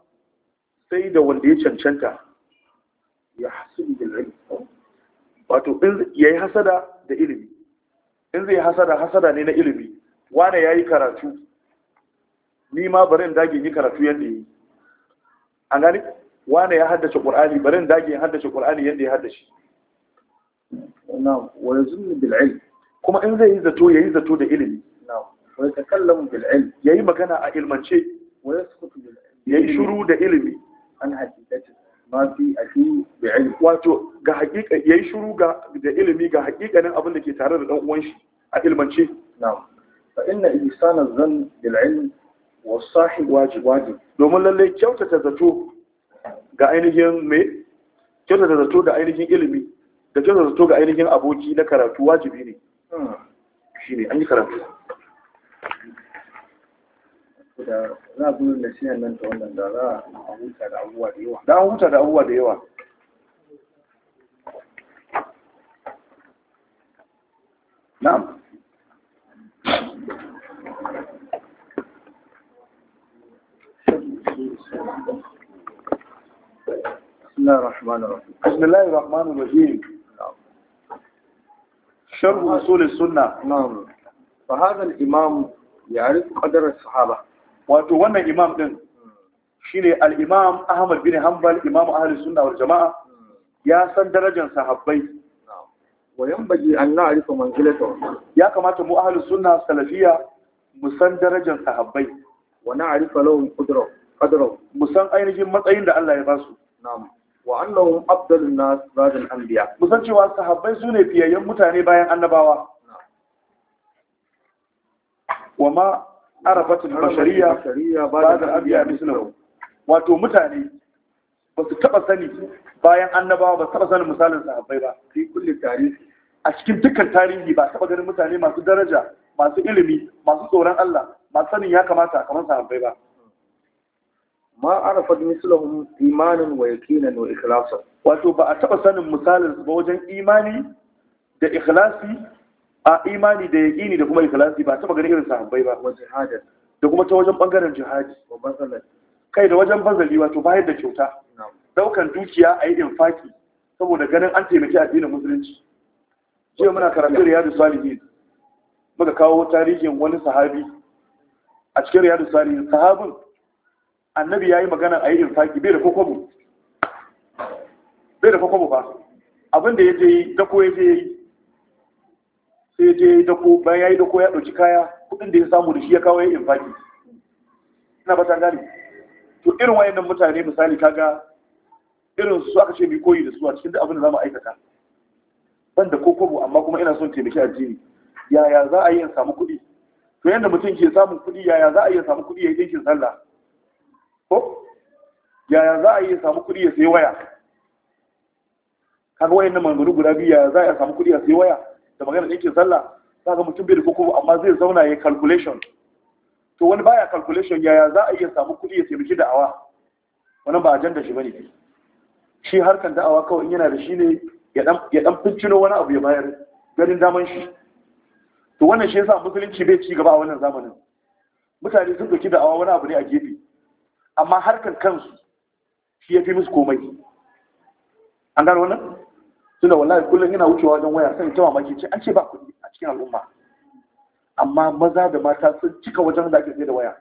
sai da wanda ya cancanta ya hasudu da ilmi wato ya yi hasada da ilimi in zai hasada hasada ne na ilimi wane ya yi karatu ni ma barin dage yi karatu yadda yi A gani wane ya haddace ƙur'ani barin dage ya haddace ƙur'ani yadda ya haddace na wani zunni bil'il kuma in zai yi zato ya yi zato da ilimi wani takallamu bil ilm ya yi magana a ilmance ya yi shuru da ilimi an hakikati ma fi aki da ilimi. wato ga hakika ya yi shuru da ilimi ga hakikanin abin da ke tare da dan uwan a ilmance na'am fa inna ihsana zan bil wa sahib wajib wajib domin lalle kyautata zato ga ainihin me kyautata zato da ainihin ilimi da kyautata zato ga ainihin aboki na karatu wajibi ne shi ne an yi karatu da za a gudun da shiyan nan ta wannan da za a huta da abubuwa da yawa da an huta da abubuwa da yawa na'am بسم الله الرحمن الرحيم بسم الله الرحمن الرحيم شرح اصول السنه نعم فهذا الامام يعرف قدر الصحابه wato wannan imam ɗin shine al-imam Ahmad bin Hambal, imam ahli sunna jamaa ya san darajar sahabbai wa yanbaji an na'rifa manzilatuhum ya kamata mu ahli sunna salafiyya mu san darajar sahabbai wa na'rifa lahum qadra qadra mu san ainihin matsayin da Allah ya ba su wa annahum afdalun nas ba'da anbiya musan cewa sahabbai sune fiyayyen mutane bayan annabawa wa ma arafatul bashariya ba'da al-anbiya mislahu wato mutane ba su sani bayan annabawa ba su taba sanin misalin sahabbai ba fi kulli tarihi a cikin dukkan tarihi ba taba ganin mutane masu daraja masu ilimi masu tsoron Allah masu sanin ya kamata kamar sahabbai ba ma arafat mislahum imanin wa yakinan wa ikhlasan wato ba a taba sanin misalin su ba wajen imani da ikhlasi a imani da yakini da kuma ikhlasi ba taba ganin irin sahabbai ba wajen jihadin da kuma ta wajen bangaren jihadi babban bazalan kai da wajen bazali wato bayar da kyauta daukan dukiya a yi infaki saboda ganin an taimaki addinin musulunci jiya muna karatu riyadu salihin muka kawo tarihin wani sahabi a cikin riyadu salihin sahabin annabi ya yi magana a yi infaki bai da kokobo bai da kokobo ba abinda ya je yi dako ya je yi sai je yi dako bayan ya yi dako ya ɗauki kaya kudin da ya samu da shi ya kawo ya infaki ina ba ta gane to irin nan mutane misali kaga irin su aka ce mai koyi da su a cikin duk abin da za mu aikata ban da kokobo amma kuma ina son taimaki addini yaya za a yi in samu kuɗi to yadda mutum ke samun kuɗi yaya za a yi samu kuɗi ya yi ɗinkin sallah yaya za a yi samu kuɗi ya sai waya kaga wayan nan guda biyu yaya za a samu kuɗi ya sai waya da magana yake sallah za ga mutum bai da koko amma zai zauna ya calculation to wani baya calculation yaya za a iya samu kuɗi ya taimaki da'awa wannan ba ajanda shi bane shi harkan da'awa kawai in yana da shi ne ya dan ya dan fincino wani abu ya bayar ganin daman shi to wannan shi yasa musulunci bai ci gaba a wannan zamanin mutane sun doki da'awa wani abu ne a gefe amma harkar kansu shi ya fi musu komai an gano wannan tunda wallahi kullum yana wucewa wajen waya sai ta mamaki ce an ce ba kuɗi a cikin al'umma amma maza da mata sun cika wajen da ake sayar da waya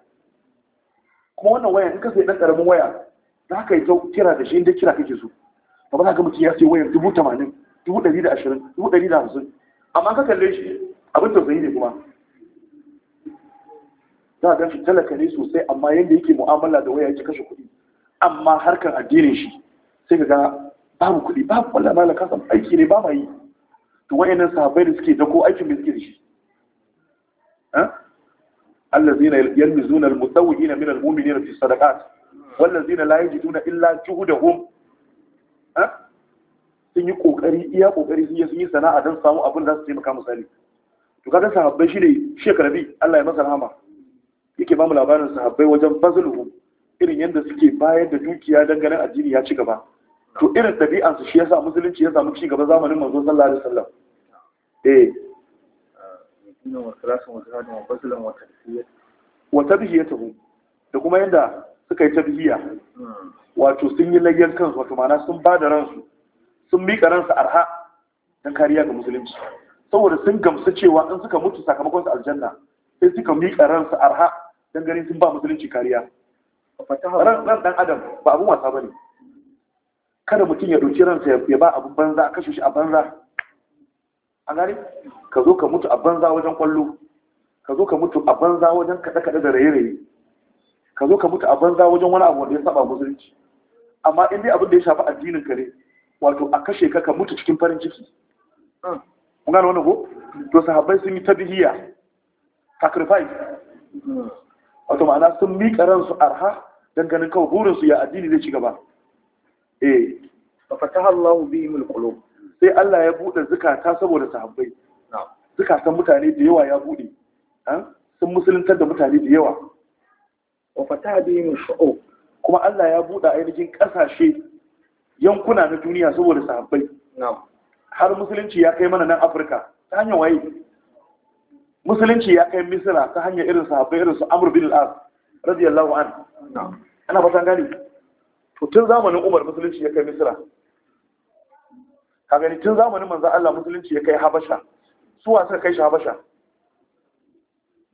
kuma wannan waya in ka sayi dan karamin waya za ka yi ta kira da shi inda kira kake so ba za ka mutum ya sayi wayan dubu tamanin dubu ɗari da ashirin dubu ɗari da hamsin amma ka kalle shi abin tausayi ne kuma za a ganshi talaka ne sosai amma yadda yake mu'amala da waya yake kashe kuɗi amma harkar addinin shi sai ka ga babu kuɗi babu wallah mala ka san aiki ne ba ma yi to wayannan sahabbai da suke dako aikin da suke da shi الذين يلمزون المتوهين من المؤمنين في الصدقات والذين لا يجدون إلا جهدهم sun yi kokari iya kokari sun yi sun yi sana'a don samu abin da su taimaka misali to kaga sahabbai shine shekarabi Allah ya masa rahama yake ba mu labarin sahabbai wajen fazluhu irin yadda suke bayar da dukiya don ganin addini ya ci gaba to irin ɗabi'ansu shi yasa musulunci ya samu ci gaba zamanin manzo sallallahu alaihi wasallam eh wa tabhiyatuhu da kuma yadda suka yi tabihiya wato sun yi layyan kansu wato ma'ana sun ba da ransu sun miƙa ransu arha don kariya ga musulunci saboda sun gamsu cewa in suka mutu sakamakon su aljanna sai suka miƙa ransu arha don ganin sun ba musulunci kariya ran dan adam ba abin wasa ba ne kada mutum ya ɗauki ransa ya ba abin banza a kashe shi a banza a gani ka zo ka mutu a banza wajen kwallo ka zo ka mutu a banza wajen kaɗe-kaɗe da raye-raye ka zo ka mutu a banza wajen wani abu wanda ya saba musulunci amma in dai abin da ya shafi addinin ka ne wato a kashe ka ka mutu cikin farin ciki mm. kun gane wani ko to sahabbai sun yi ta bihiya sacrifice mm. wato ma'ana sun miƙa ransu arha don ganin kawai burinsu ya addini zai ci gaba eh fa fataha Allahu bihim alqulub sai Allah ya buɗe zukata saboda sahabbai zakatan mutane da yawa ya buɗe sun musuluntar da mutane da yawa wa fataha bihim shu'ub kuma Allah ya buɗe ainihin ƙasashe yankuna na duniya saboda sahabbai har musulunci ya kai mana nan Afirka ta hanyar waye musulunci ya kai misira ta hanyar irin sahabbai irin su Amur bin Al'ad, as radiyallahu an ana fatan gani to tun zamanin umar musulunci ya kai misira ka gani tun zamanin manzan Allah musulunci ya kai habasha su wasu kai shi habasha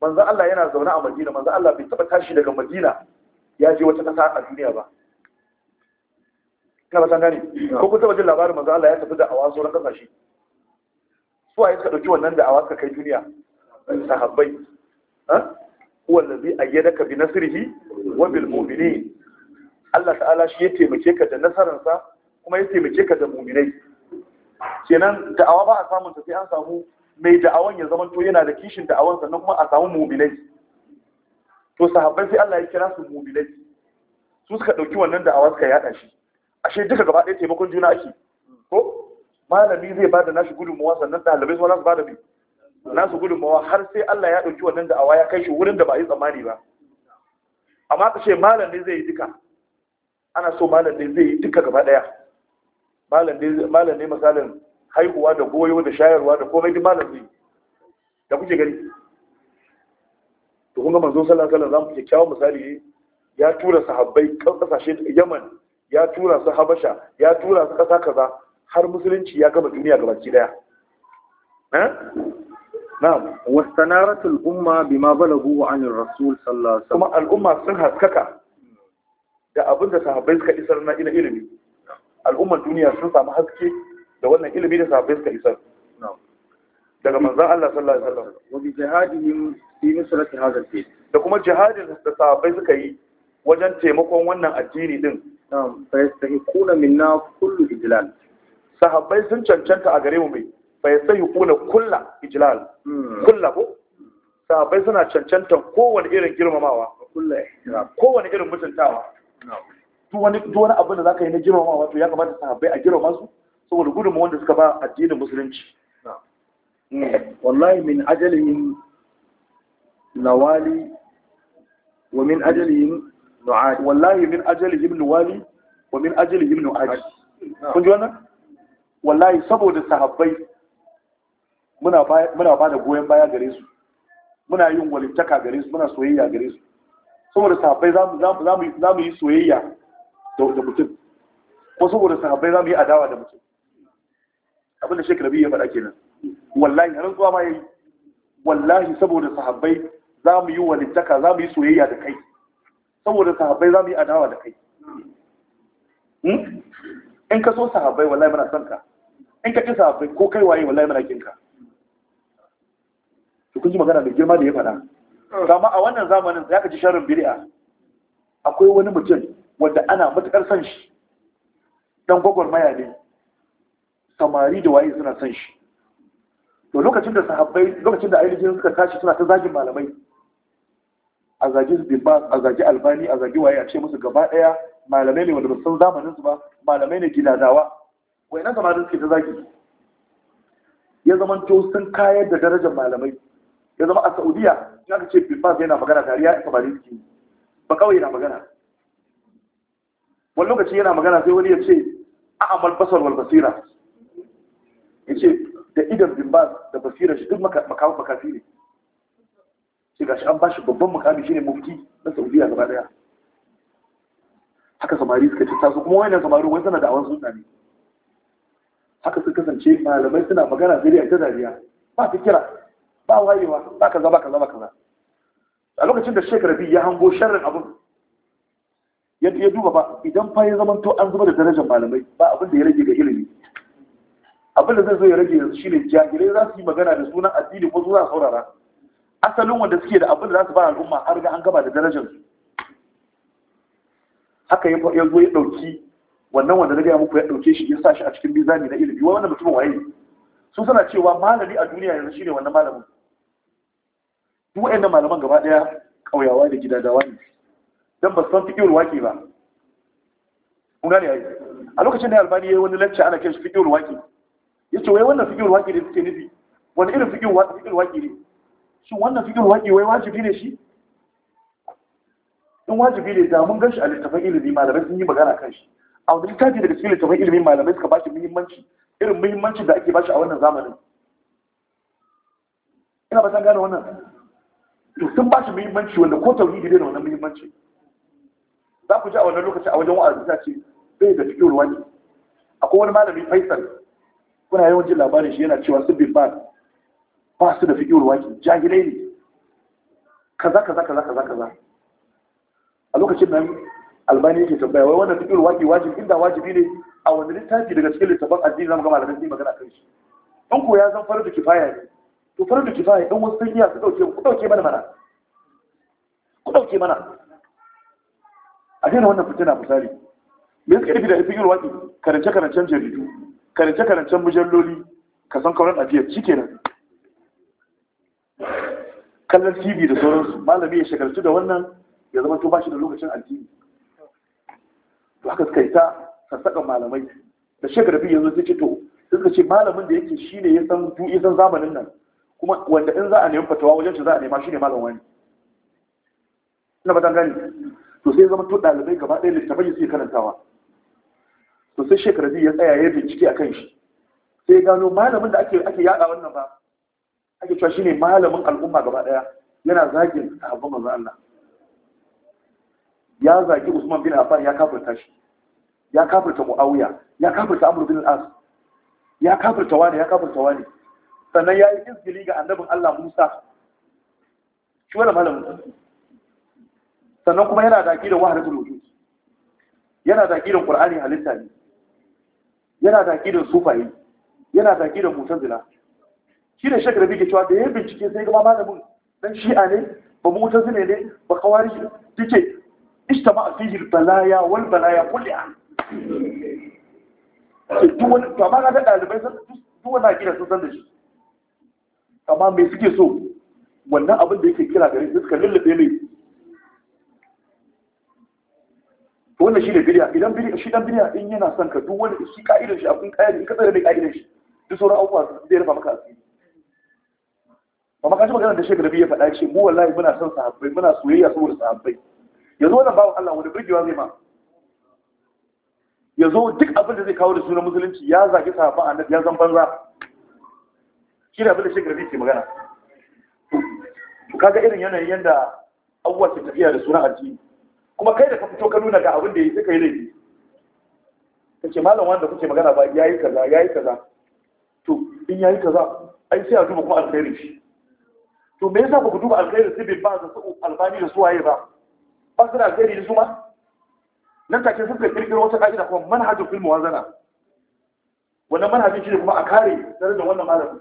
manzan Allah yana zaune a Madina manzan Allah bai taba tashi daga Madina ya je wata kasa a duniya ba ina ba gani ko kun taba jin labarin manzan Allah ya tafi da awa sauran kasashe su waye suka dauki wannan da awa suka kai duniya sahabbai huwa allazi ayyadaka bi nasrihi wa bil mu'minin Allah ta'ala shi ya taimake ka da nasararsa kuma ya taimake ka da mu'minai kenan da'awa ba a samun sai an samu mai da'awan ya to yana da kishin da'awan sannan kuma a samu mu'minai to sahabbai sai Allah ya kira su mu'minai su suka dauki wannan da'awa suka yada shi ashe duka gaba ɗaya taimakon juna ake ko malami zai bada nashi gudunmuwa sannan ɗalibai su wani su ba da nasu gudunmawa har sai Allah ya ɗauki wannan da awa ya kai shi wurin da ba yi tsammani ba amma ka ce malam ne zai yi duka ana so malam ne zai yi duka gaba ɗaya malam ne misalin haihuwa da goyo da shayarwa da komai duk malam ne da kuke gani to kun ga manzo sallallahu alaihi wasallam zamu kyakkyawan misali ya tura sahabbai kan kasashe Yaman ya tura su Habasha ya tura su kasa kaza har musulunci ya gama duniya ki daya eh na'am wastanaratu al-umma bima balagu an ar-rasul sallallahu kuma al'umma sun haskaka da abin da sahabai suka isar na ilimi al'ummar duniya sun samu haske da wannan ilimi da sahabai suka isar daga manzan Allah sallallahu alaihi wasallam wa bi jihadihim fi nusrati hadha ad da kuma jihadin da sahabai suka yi wajen taimakon wannan addini din na'am fa yastahiquna minna kullu ijlal Sahabai sun cancanta a gare mu mai bai sai yi kuna kulla ijilal. Hmm. kulla ko sahabbai suna cancantar kowane irin girmamawa kowane irin mutuntawa duk wani abin da za ka yi na girmamawa to ya kamata sahabbai a girma su saboda gudunmu wanda suka ba addinin musulunci hmm. wallahi min ajalihim nawali wa min ajalihim nu'adi wallahi min ajalihim nuwali wa min ajalihim nu'adi kun ji wannan wallahi saboda sahabbai muna ba da goyon baya gare su muna yin walittaka gare su muna soyayya gare su saboda sahabbai za mu yi soyayya da mutum ko saboda sahabbai za mu yi adawa da mutum abin da shekara biyu ya faɗa kenan wallahi har zuwa ma yayi wallahi saboda sahabbai za mu yi walittaka za mu yi soyayya da kai saboda sahabbai za mu yi adawa da kai hmm? in ka so sahabbai wallahi muna son ka in ka ƙi sahabbai ko kai waye wallahi muna kinka kun ji magana mai girma da ya faɗa kama a wannan zamanin ya ka ji sharrin bid'a akwai wani mutum wanda ana matuƙar san shi dan gwagwarmaya ne samari da waye suna san shi to lokacin da sahabbai lokacin da ainihin suka tashi suna ta zagin malamai a zagi zimbabwe a zagi albani a zagi waye a ce musu gaba ɗaya malamai ne wanda ba san zamanin su ba malamai ne gidadawa wai nan samarin suke ta zagi ya zama to sun kayar da darajar malamai ya zama a saudiya in ka ce bilbas yana magana dariya ya samari suke ba kawai yana magana wani lokaci yana magana sai wani ya ce a amal basar wal basira ya ce da idan bilbas da basira shi duk makamu makafi ne sai shi an bashi babban makami shine mufti na saudiya gaba daya haka samari suka ce taso kuma wani samari wani sana da awon sun ne haka su kasance malamai suna magana sai ta dariya ba su kira ba wayewa ba kaza ba kaza ba kaza a lokacin da shekara biyu ya hango sharrin abin ya duba ba idan fa ya zamanto an zuba da darajar malamai ba abin da ya rage ga ilimi abin da zai zo ya rage yanzu shine jahilai za su yi magana da sunan addini ko zuwa saurara asalin wanda suke da abin da za su ba al'umma har ga an gaba da darajar su haka ya zo ya ɗauki wannan wanda na gaya muku ya ɗauke shi ya sa shi a cikin mizani na ilimi wannan mutumin waye su suna cewa malami a duniya yanzu shine wannan malamin duk wa'annan malaman gaba daya kauyawa da gidadawa ne dan ba san fiƙewar waƙi ba kun gane yi. a lokacin da albani ya yi wani lacca ana kai shi waƙi Ya ce, wai wannan fiƙewar waƙi ne suke nufi wani irin fiƙewar waƙi ne shin wannan fiƙewar waƙi wai wajibi ne shi in wajibi ne da mun ganshi a littafin ilimi malamai sun yi magana kan shi a wani littafi daga cikin littafin ilimin malamai suka ba shi muhimmanci irin muhimmancin da ake bashi a wannan zamanin ina ba san gane wannan to sun bashi muhimmanci wanda ko tauhidi ne da wannan muhimmanci za ku ji a wannan lokaci a wajen wa'azi ta ce bai da cikin ruwa ne akwai wani malami faisal kuna yawan jin labarin shi yana cewa su bin ba ba su da fiƙi ruwa ke jahilai ne kaza kaza kaza kaza kaza a lokacin nan albani yake tambaya wai wannan fiƙi ruwa ke wajibi inda wajibi ne a wani littafi daga cikin littafin addini zamu ga da magana kan shi in ko ya zan farar da kifaya ne to farar da kifaya dan wasu sun su dauke ku dauke mana mana ku dauke mana a daina wannan fitina misali me suka nufi da ifin yin waƙi karance karancen jaridu karance karancen mujalloli ka san kauran ajiyar shikenan kallon tv da sauransu malami ya shagaltu da wannan ya zama to ba shi da lokacin addini to haka suka yi ta saka malamai da biyu yanzu sai ce to suka ce malamin da yake shine ya san ya san zamanin nan kuma wanda in za a nemi fatawa wajen shi za a nema shine malam wani ina fatan gani to sai zama to ɗalibai gaba ɗaya littafai suke karantawa to sai biyu ya tsaya ya bincike a kan shi sai ya gano malamin da ake ake yada wannan ba ake cewa shine malamin al'umma gaba ɗaya yana zagin abin manzo Allah ya zagi Usman bin Affan ya kafirta shi ya kafirta muawiya ya kafirta amr bin al-as ya kafirta wani ya kafirta wani sannan ya yi izgili ga annabin Allah Musa shi wani malamin sannan kuma yana da wahala wahalatul yana daki da aƙidar qur'ani halitta ne yana da aƙidar yana daki da aƙidar zina, shi da shakar bi ke cewa da ya bincike sai gama malamin dan shi'a ne ba mutazila ne ba kawari take ishtama fihi al-balaya wal balaya kulliha to amma na ga ɗalibai duk wani akida sun san da shi amma mai suke so wannan abin da yake kira gari, suka lullube mai to wannan shi ne bidiya idan bidiya shi dan bidiya in yana son ka duk wani shi ka'idar shi abin ka'idar in ka tsare mai ka'idar shi duk sauran abubuwa zai rufa maka asiri amma kaji magana da shekaru biyu ya faɗa ce mu wallahi muna son sahabbai muna soyayya saboda sahabbai yanzu wannan bawan Allah wani burgewa zai ma ya zo duk abin da zai kawo da sunan musulunci ya zaki safa annabi ya zan banza shi da abin da shi garbi ke magana kaga irin yanayin yadda abubuwa ke tafiya da sunan addini kuma kai da ka fito ka nuna ga abin da ya suka yi laifi kace malam wanda kuke magana ba ya yi kaza ya yi kaza to in ya yi kaza ai sai a duba kuma alkhairi shi to me yasa ba ku duba alkhairi sai bai ba su albani da su waye ba ba su da alkhairi da su ma nan take suka kirkiro wata ka'ida kuma manhajul fil muwazana wannan manhajin shi ne kuma a kare tare da wannan malamin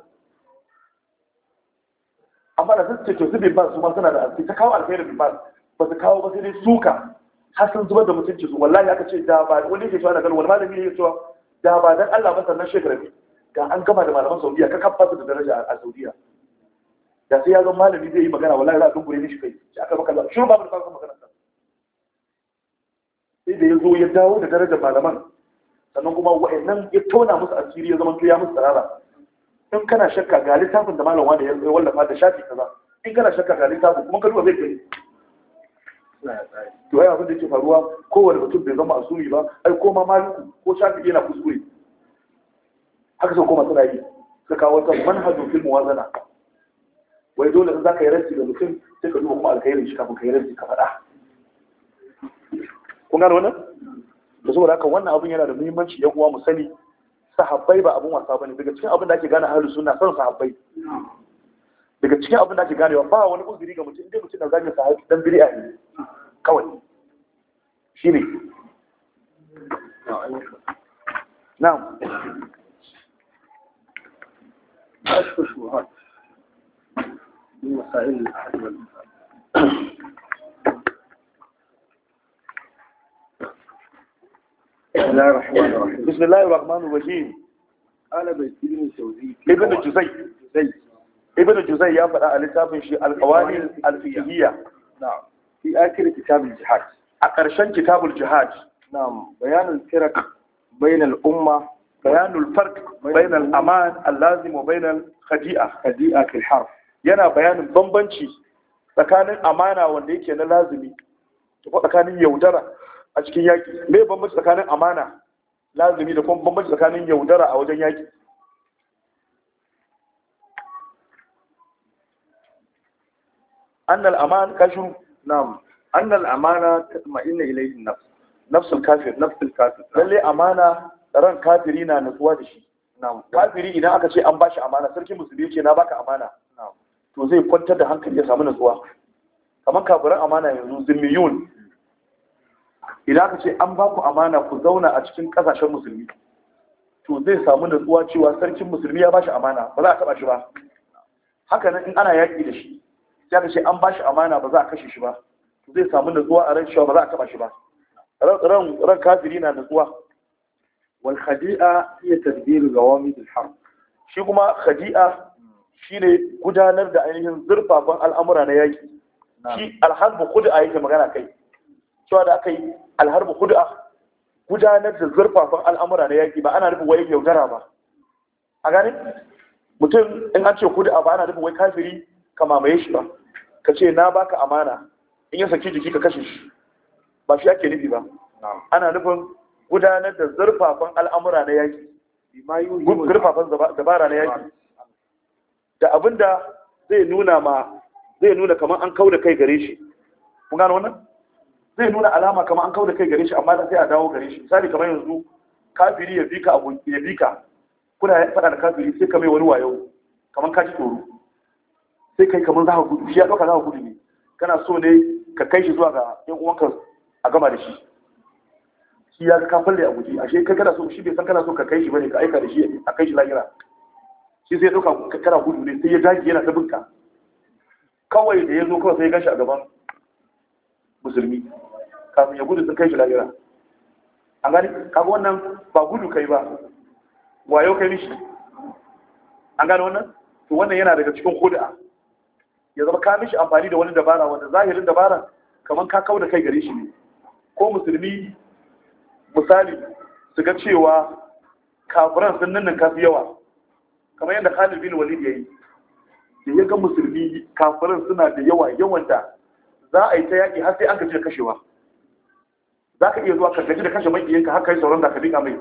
amma da sun ce to su bin ba su ma suna da alfi ta kawo alkhairin bin ba ba su kawo ba sai dai suka har sun zubar da mutunci su wallahi aka ce da ba wani yake cewa da kan wani malami ne yake cewa da ba dan Allah ba sannan shekara ne ga an gama da malaman Saudiya ka kafa su da daraja a Saudiya da sai ya zo malami zai yi magana wallahi za a ne shi kai shi aka maka shi ba mu da magana sai da ya zo ya dawo da darajar malaman sannan kuma wa'annan ya tona musu asiri ya zama ya musu tsarara in kana shakka ga littafin da malam da ya wallafa da shafi kaza in kana shakka ga littafin kuma ka duba zai gani to ai abin da yake faruwa kowane mutum bai zama asumi ba ai ko ma maliku ko shafi yana kuskure haka sau koma suna yi ka kawo wata manhajin filmu wazana wai dole in ka yi rasi da mutum sai ka duba kuma alkhairin shi kafin ka yi rasi ka faɗa gano wannan da saboda haka wannan abun yana da muhimmanci ya uwa mu sani sahabbai ba abun wasa bane daga cikin abin da ake gane ahlus sunna san sahabbai daga cikin abin da ake gane ba wani uzuri ga mutum dai mutum na zagin sahabi dan bid'a ne kawai shine na'am ashkur shuhat بسم الله الرحمن الرحيم قال ابن الجوزي ابن الجوزي ابن الجوزي يا فدا الكتاب شي القوانين الفقهيه نعم في اخر كتاب الجهاد اقرشن كتاب الجهاد نعم بيان الفرق بين الامه بيان الفرق بين الامان اللازم وبين الخديئه خديئه في الحرف yana bayanin bambanci tsakanin amana wanda yake na lazimi da tsakanin yaudara a cikin yaƙi me bambanci tsakanin amana lazumi da kuma bambanci tsakanin yaudara a wajen yaƙi annal amana kashu na'am annal amana tatma'inna ilayhi nafs nafsul kafir nafsul kafir lalle amana ran kafiri na nutsuwa da shi na'am kafiri idan aka ce an bashi amana sarki musulmi ce na baka amana to zai kwantar da hankali ya samu nutsuwa kamar kafiran amana yanzu zimmiyun idan ka ce an ba ku amana ku zauna a cikin ƙasashen musulmi to zai samu natsuwa cewa sarkin musulmi ya ba shi amana ba za a taɓa shi ba haka nan in ana yaƙi da shi Ya ka ce an ba shi amana ba za a kashe shi ba to zai samu natsuwa a ran cewa ba za a taɓa shi ba ran ran kafiri na natsuwa wal khadi'a ya tadbiru gawamid al harb shi kuma khadi'a shine gudanar da ainihin zurfafan al'amura na yaƙi shi alhazbu a yake magana kai cewa da aka yi alharbu hudu'a gudanar da zurfafan al'amura na yaƙi ba ana nufin wai yaudara ba a ganin mutum in an ce hudu'a ba ana nufin wai kafiri ka mamaye shi ba ka ce na baka amana in ya saki jiki ka kashe shi ba shi ake nufi ba ana nufin gudanar da zurfafan al'amura na yaƙi zurfafan dabara na yaƙi da abinda zai nuna ma zai nuna kamar an kau da kai gare shi kun wannan zai nuna alama kama an kauda kai gare shi amma sai a dawo gare shi misali kamar yanzu kafiri ya bika abu ya bika kuna faɗa da kafiri sai kamar wani wayo kamar ka ci tsoro sai kai kamar za ka gudu shi ya ɗauka za ka gudu ne kana so ne ka kai shi zuwa ga yan uwanka a gama da shi shi ya ka falle a guje ashe kai kana so shi bai san kana so ka kai shi bane ka aika da shi a kai shi lahira shi sai ya ɗauka kana gudu ne sai ya dage yana ta binka kawai da ya zo kawai sai ya gashi a gaban musulmi kafin ya gudu sun kai shi lahira an gani kaga wannan ba gudu kai ba wayo kai mishi an gani wannan to wannan yana daga cikin hudu'a, ya zama ka mishi amfani da wani dabara wanda zahirin dabara kamar ka kau da kai gare shi ne ko musulmi misali su ga cewa kafiran sun nan kafi yawa kamar yadda Khalid bin Walid ya da ya ga musulmi kafiran suna da yawa yawan da za a yi ta yaƙi har sai an gaji da kashewa za ka iya zuwa ka gaji da kashe maƙiyinka haka yi sauran da ka liƙa mai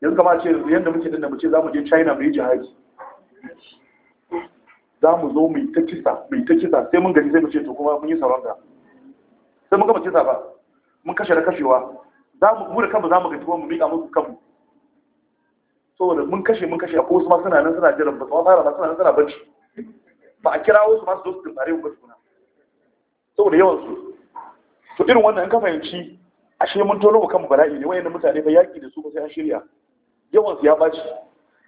yanzu kama ce yadda muke dinda muce za mu je china mu yi jihadi za mu zo mai ta kisa ta kisa sai mun gaji sai mu ce to kuma mun yi sauran da sai mun gama kisa ba mun kashe da kashewa za mu bude kanmu za mu gaji kuma mu miƙa musu kanmu saboda mun kashe mun kashe a kuma ma suna nan suna jiran ba su ma fara ba suna nan suna bacci ba a kirawo su masu zo tare tumbare ku suna saboda yawan su to irin wannan kafa ka fahimci ashe mun tono kan bala'i ne wayannan mutane fa yaki da su ba sai an shirya yawan su ya baci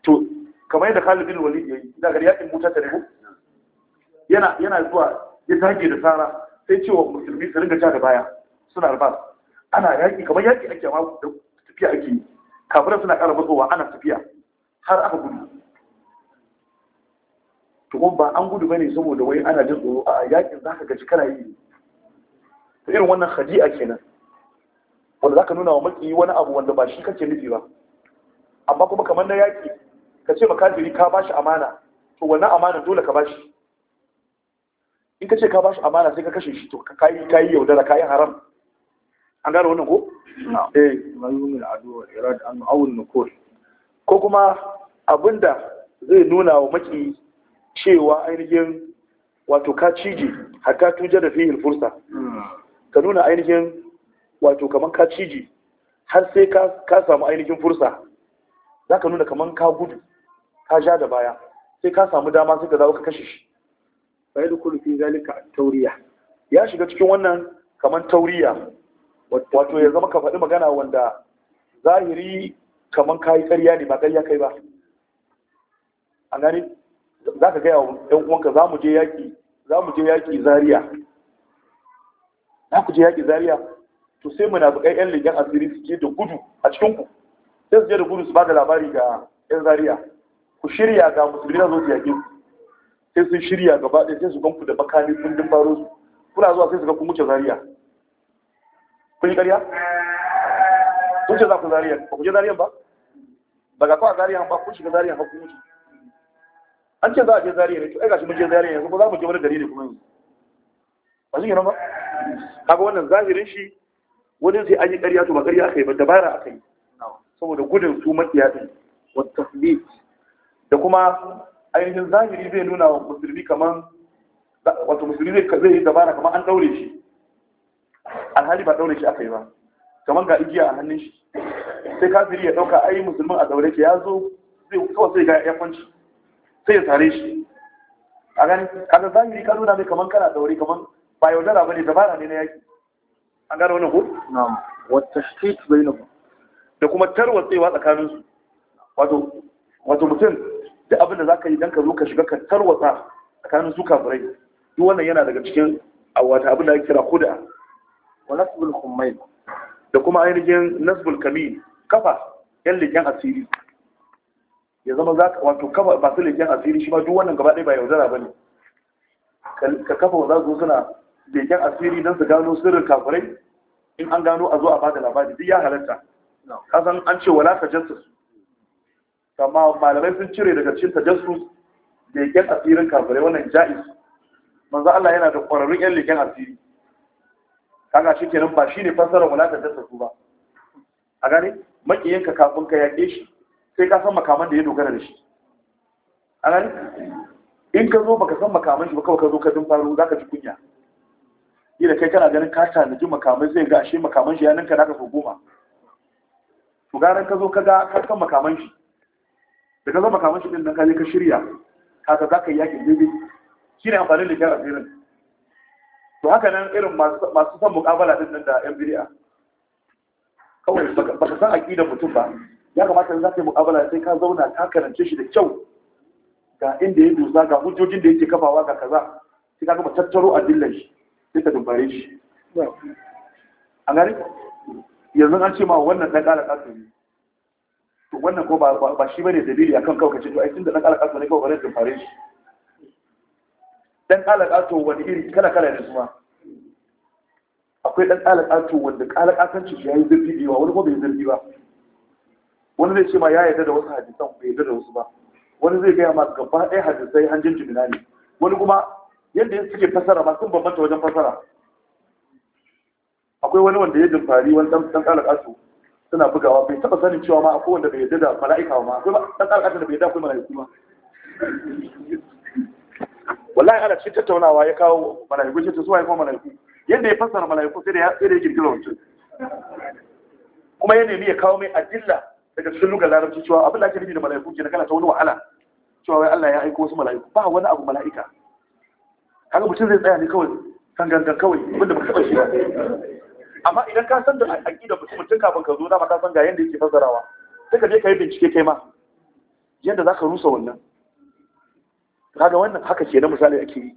to kamar yadda Khalid bin Walid yayi da ga yakin muta tare ko yana yana zuwa ya tage da sara sai cewa musulmi su ringa ja da baya suna alba ana yaki kamar yaki ake ma tafiya ake kafirai suna ƙara matsowa ana tafiya har aka gudu to kuma ba an gudu bane saboda wai ana jin tsoro a yakin zaka gaji kana yi to irin wannan khadi'a kenan wanda zaka nuna wa maki wani abu wanda ba shi kake nufi ba amma kuma kamar na yaki ka ce makafiri ka bashi amana to wannan amana dole ka bashi in ka ce ka bashi amana sai ka kashe shi to ka kayi kayi yaudara kayi haram an gane wannan ko eh mayumin adu irad an awun nukur ko kuma abinda zai nuna wa maki cewa ainihin wato ka cije hatta tuje da fihil fursa ka nuna ainihin wato kamar ka cije har sai ka samu ainihin fursa za ka nuna kamar ka gudu ka ja da baya sai ka samu dama sai ka zawo ka kashe shi bai da kulufin zalika tauriya ya shiga cikin wannan kamar tauriya wato ya zama ka faɗi magana wanda zahiri kamar ka yi ƙarya ne ba ƙarya kai ba a gani za ka gaya wa ‘yan uwanka za mu je yaƙi za mu je yaƙi zariya za ku je yaƙi zariya to sai buƙai ‘yan leƙen asiri su je da gudu a cikinku sai su je da gudu su ba da labari ga ‘yan zariya ku shirya ga musulmi na zo yaƙi sai sun shirya gaba ɗaya sai su ganku da makami kun dimbaro su kuna zuwa sai su ga kun wuce zariya kun yi ƙarya kun ce za ku zariya ba ku je Zariya ba daga kawai Zariya ba kun shiga Zariya ba ku wuce an ce za a je zariya ne to ai gashi mun je zariya yanzu ba za mu je wani gari ne kuma yanzu ba shi kenan ba kaga wannan zahirin shi wani sai an yi ƙarya to ba ƙarya aka yi ba dabara aka yi saboda gudun su makiya wata wa da kuma ainihin zahiri zai nuna wa musulmi kaman wato musulmi zai yi dabara kaman an daure shi alhali ba daure shi aka yi ba kaman ga igiya a hannun shi sai kafiri ya dauka ai musulmin a daure ke ya zo zai kawai sai ga ya kwanci sai ya sare shi a gani mu yi kano na mai kaman kana daure kaman ba yaudara bane dabara ne na yaki an gano wani ko na'am wa tashtit na da kuma tarwatsewa tsakanin su wato wato mutum da abin da zaka yi dan ka zo ka shiga ka ta tsakanin su kafirai duk wannan yana daga cikin wata abin da ake kira kuda wa nasbul khumayl da kuma ainihin nasbul kamil kafa yan leken asiri ya zama za ka wato kafa masu leken asiri shi ma duk wannan gaba ɗaya ba yaudara ba ne ka kafa wa za su suna leken asiri don su gano sirrin kafirai in an gano a zo a bada labari duk ya halatta kasan an ce wala Jastus? amma malamai sun cire daga cikin Jastus, leken asirin kafirai wannan ja'is manzo Allah yana da ƙwararrun yan leken asiri kaga shi kenan ba shi ne fassara wala tajassus ba a gane makiyanka kafin ka yaƙe shi sai ka san makaman da ya dogara da shi a gani in ka zo baka san makaman shi ba kawai ka zo ka faru za ka ji kunya yi da kai kana ganin ka tanaji makamai zai ga ashe makaman shi ya ninka naka ko goma to garan ka zo ka ga ka san makaman shi da ka zo makaman shi din nan ka je ka shirya haka za ka yi yakin daidai shi ne amfanin da gyara asirin to haka nan irin masu son mukabala din nan da yan biri'a kawai baka san aƙidar mutum ba ya kamata za ka yi muƙabala sai ka zauna ka karance shi da kyau ga inda ya dusa ga hujjojin da yake kafawa ga kaza sai ka gama tattaro dillan shi sai ka dubbare shi a gari yanzu an ce ma wannan ɗan ƙara ƙasa ne to wannan ko ba shi bane dalili akan kawo kace to ai tunda ɗan ƙara ƙasa ne kawai bare dubbare shi ɗan ƙara ƙato wani iri kala kala ne su ma akwai ɗan ƙara ƙato wanda ƙara ƙasanci shi ya yi zurfi wani ko bai zurfi ba wani zai ce ma ya yarda da wasu hadisan bai yarda da wasu ba wani zai gaya ma gaba ɗaya hadisai hanjin jimina ne wani kuma yadda ya suke fasara ma sun bambanta wajen fasara akwai wani wanda ya dimfari wani dan dan kalaka su suna bugawa bai taba sanin cewa ma akwai wanda bai yarda da mala'ika ma akwai dan kalaka da bai yarda akwai mala'iku ba wallahi ana cikin tattaunawa ya kawo mala'iku ce ta suwaye kuma mala'iku yadda ya fassara mala'iku sai da ya sai da ya wancan kuma ya nemi ya kawo mai adilla daga cikin lugar larabci cewa abin da ake nufi da mala'iku ke na kana ta wani wahala cewa wai Allah ya aiko wasu mala'iku ba wani abu mala'ika haka mutum zai tsaya ne kawai kan gangan kawai abin da taɓa shi ba amma idan ka san da aƙida mutum tun kafin ka zo na ka san ga yadda yake fassarawa sai ka je ka yi bincike kai ma yadda za ka rusa wannan kaga wannan haka ke na misali ake yi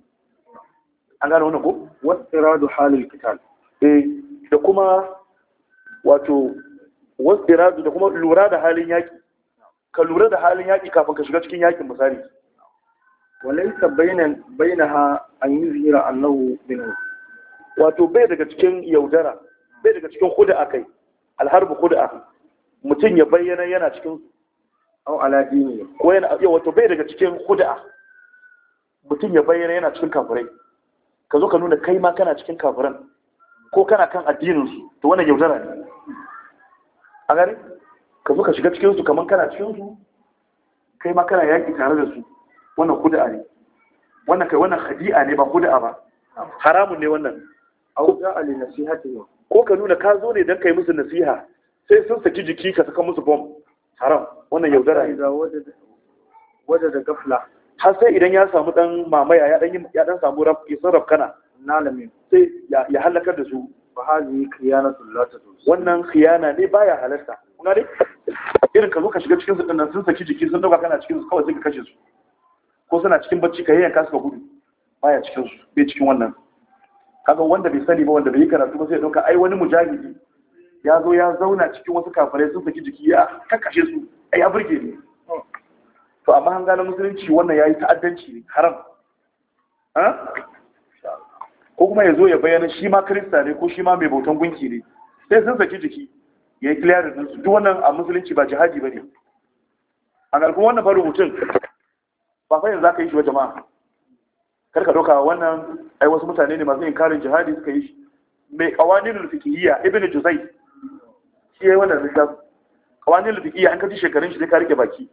an gane wannan ko wasu tsiradu halin kital eh, da kuma wato Wasu da kuma lura da halin yaƙi ka lura da halin yaƙi kafin ka shiga cikin yaƙin misali bayyana ha an yi zira annahu binu wato bai daga cikin yaudara bai daga cikin a kai alharbi kudu a mutum ya bayyana yana cikin au aladi ne ko yana wato bai daga cikin a, mutum ya bayyana yana cikin kafirai ka zo ka nuna kai ma kana cikin kafiran ko kana kan addinin su to wannan yaudara ne a ka zo ka shiga cikinsu kamar kana cikinsu kai ma kana yaƙi tare da su wannan kuda'a ne wannan kai wannan hadi'a ne ba kuda'a ba haramun ne wannan auza ali nasihati ko ka nuna ka zo ne dan kai musu nasiha sai sun saki jiki ka saka musu bom haram wannan yaudara ne wada da gafla har sai idan ya samu dan mamaya ya dan ya dan samu raf isan rafkana nalami sai ya halakar da su fa hazi khiyanatu wannan khiyana ne baya halarta kuma gane irin ka zo ka shiga cikin su sun saki jiki sun dauka kana cikin su kawai sai ka kashe su ko suna cikin bacci ka yayyanka su ka gudu baya cikin su bai cikin wannan kaga wanda bai sani ba wanda bai yi karatu ba sai ya dauka ai wani mujahidi ya zo ya zauna cikin wasu kafirai sun saki jiki ya kakkashe su ai ya burge ne to amma an gane musulunci wannan yayi ta'addanci haram ko kuma ya zo ya bayyana shi ma kirista ne ko shi ma mai bautan gunki ne sai sun saki jiki ya yi kiliyar da su duk wannan a musulunci ba jihadi ba ne a garkun wannan farin mutum ba fa za ka yi shi wa jama'a karka doka wannan ai wasu mutane ne masu inkarin jihadi suka yi shi mai kawanin lufikiyya ibn juzai shi yayi wannan littafi kawanin lufikiyya an kaji shekarun shi zai ka rike baki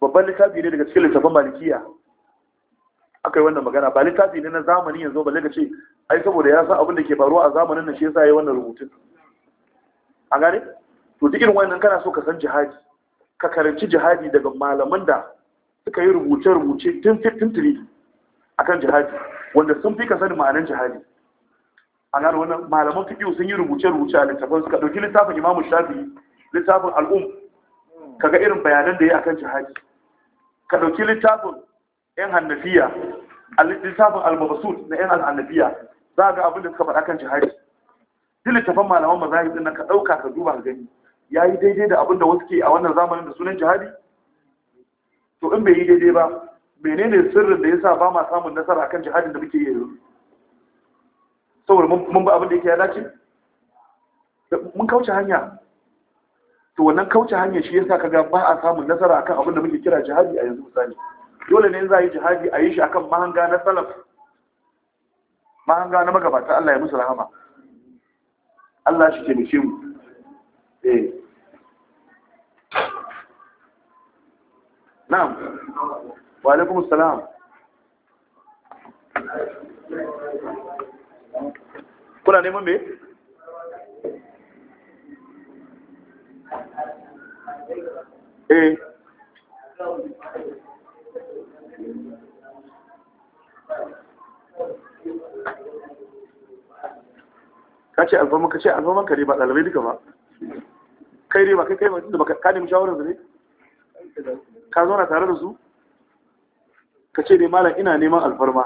babban littafi ne daga cikin littafin malikiya aka yi wannan magana ba littafi ne na zamani yanzu ba daga ce ai saboda ya san abin da ke faruwa a zamanin nan shi yasa yi wannan rubutun a gane to duk irin wannan kana so ka san jihadi ka karanci jihadi daga malaman da suka yi rubuce rubuce tun tun tiri akan jihadi wanda sun fi ka sani ma'anar jihadi a gane wannan malaman fiqh sun yi rubuce rubuce a littafin suka ɗauki littafin imamu shafi littafin al'um kaga irin bayanan da ya akan jihadi ka ɗauki littafin yan hannafiya a littafin al na yan hannafiya za ga abin da suka faɗa kan jihadi duk littafin malaman mazahib din nan ka ɗauka ka duba ka gani ya yi daidai da abin da wasu ke a wannan zamanin da sunan jihadi to in bai yi daidai ba menene sirrin da ya sa ba ma samun nasara akan jihadin da muke yi yanzu saboda mun ba abin da yake ya dace mun kauce hanya to wannan kauce hanya shi yasa kaga ba a samun nasara akan abin da muke kira jihadi a yanzu misali dole ne za a yi jihadi a yi shi akan mahanga na salaf mahanga na magabata Allah ya musu rahama Allah shi taimake mu eh na'am wa alaikum assalam kuna neman me eh ka ce alfarman ka ce alfarman ka ne ba ɗalibai duka ba kai ne ba kai kai ba tunda ka nemi shawarar ne ka zauna tare da su ka ce ne malam ina neman alfarma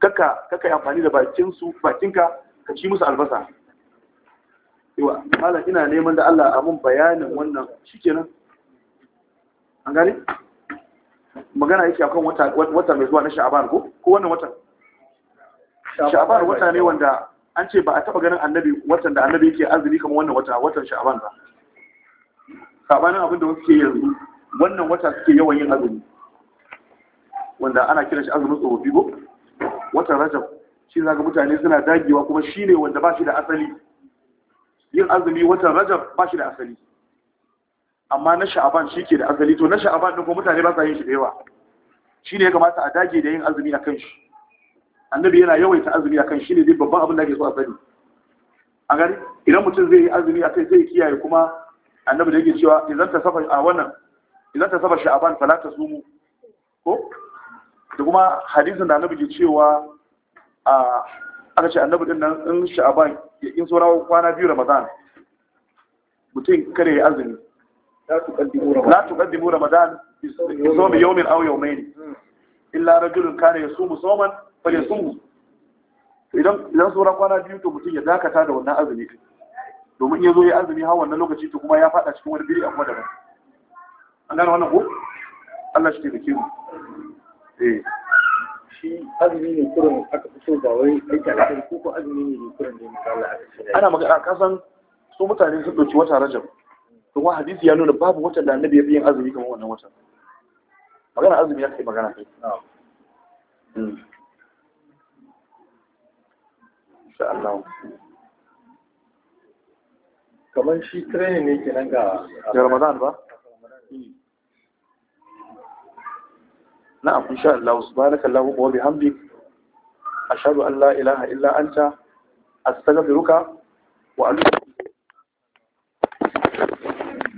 kakka kaka yi amfani da bakin su bakinka ka ci musu albasa yawa malam ina neman da Allah a mun bayanin wannan shikenan an gane magana yake akan wata wata mai zuwa na sha'aban ko ko wannan watan sha'aban wata ne wanda an ce ba a taba ganin annabi watan da annabi yake azumi kamar wannan wata watan sha'aban ba sabanin abin da wasu ke yanzu wannan wata suke yawan yin azumi wanda ana kiran shi azumin tsofaffi ko watan rajab shi zaga mutane suna dagewa kuma shi ne wanda ba shi da asali yin azumi watan rajab ba shi da asali amma na sha'aban shi ke da asali to na sha'aban ɗin ko mutane ba sa yin shi da yawa shi ne ya kamata a dage da yin azumi a kan shi annabi yana yawaita azumi akan shi ne babban abin da ake so a sani a gani idan mutum zai yi azumi akai zai kiyaye kuma annabi da yake cewa idan ta saba a wannan idan ta saba sha'aban fala lata sumu ko da kuma hadisin da annabi ke cewa a aka ce annabi din nan in sha'aban in saura kwana biyu ramadan mutum kare ya azumi la tuqaddimu ramadan bi sawmi yawmin aw yawmayn hmm. illa rajulun kana yasumu sawman fage sun idan sauran kwana biyu to mutum ya dakata da wannan azumi domin ya zo ya azumi har wannan lokaci to kuma ya fada cikin wani biri a kuma daban an gano wannan ko Allah shi ke dake mu eh shi azumi ne kurin aka fi so ba wai aiki a kan ko ko azumi ne kurin da misali aka ce ana magana kasan su mutane sun dauki wata rajab kuma hadisi ya nuna babu wata da annabi ya fi yin azumi kamar wannan watan magana azumi ya kai magana kai na'am hmm. insha Allah kamar shi training ne kenan ga Ramadan ba Na na'am sha Allah subhanaka Allahumma wa bihamdik ashhadu an la ilaha illa anta astaghfiruka wa atubu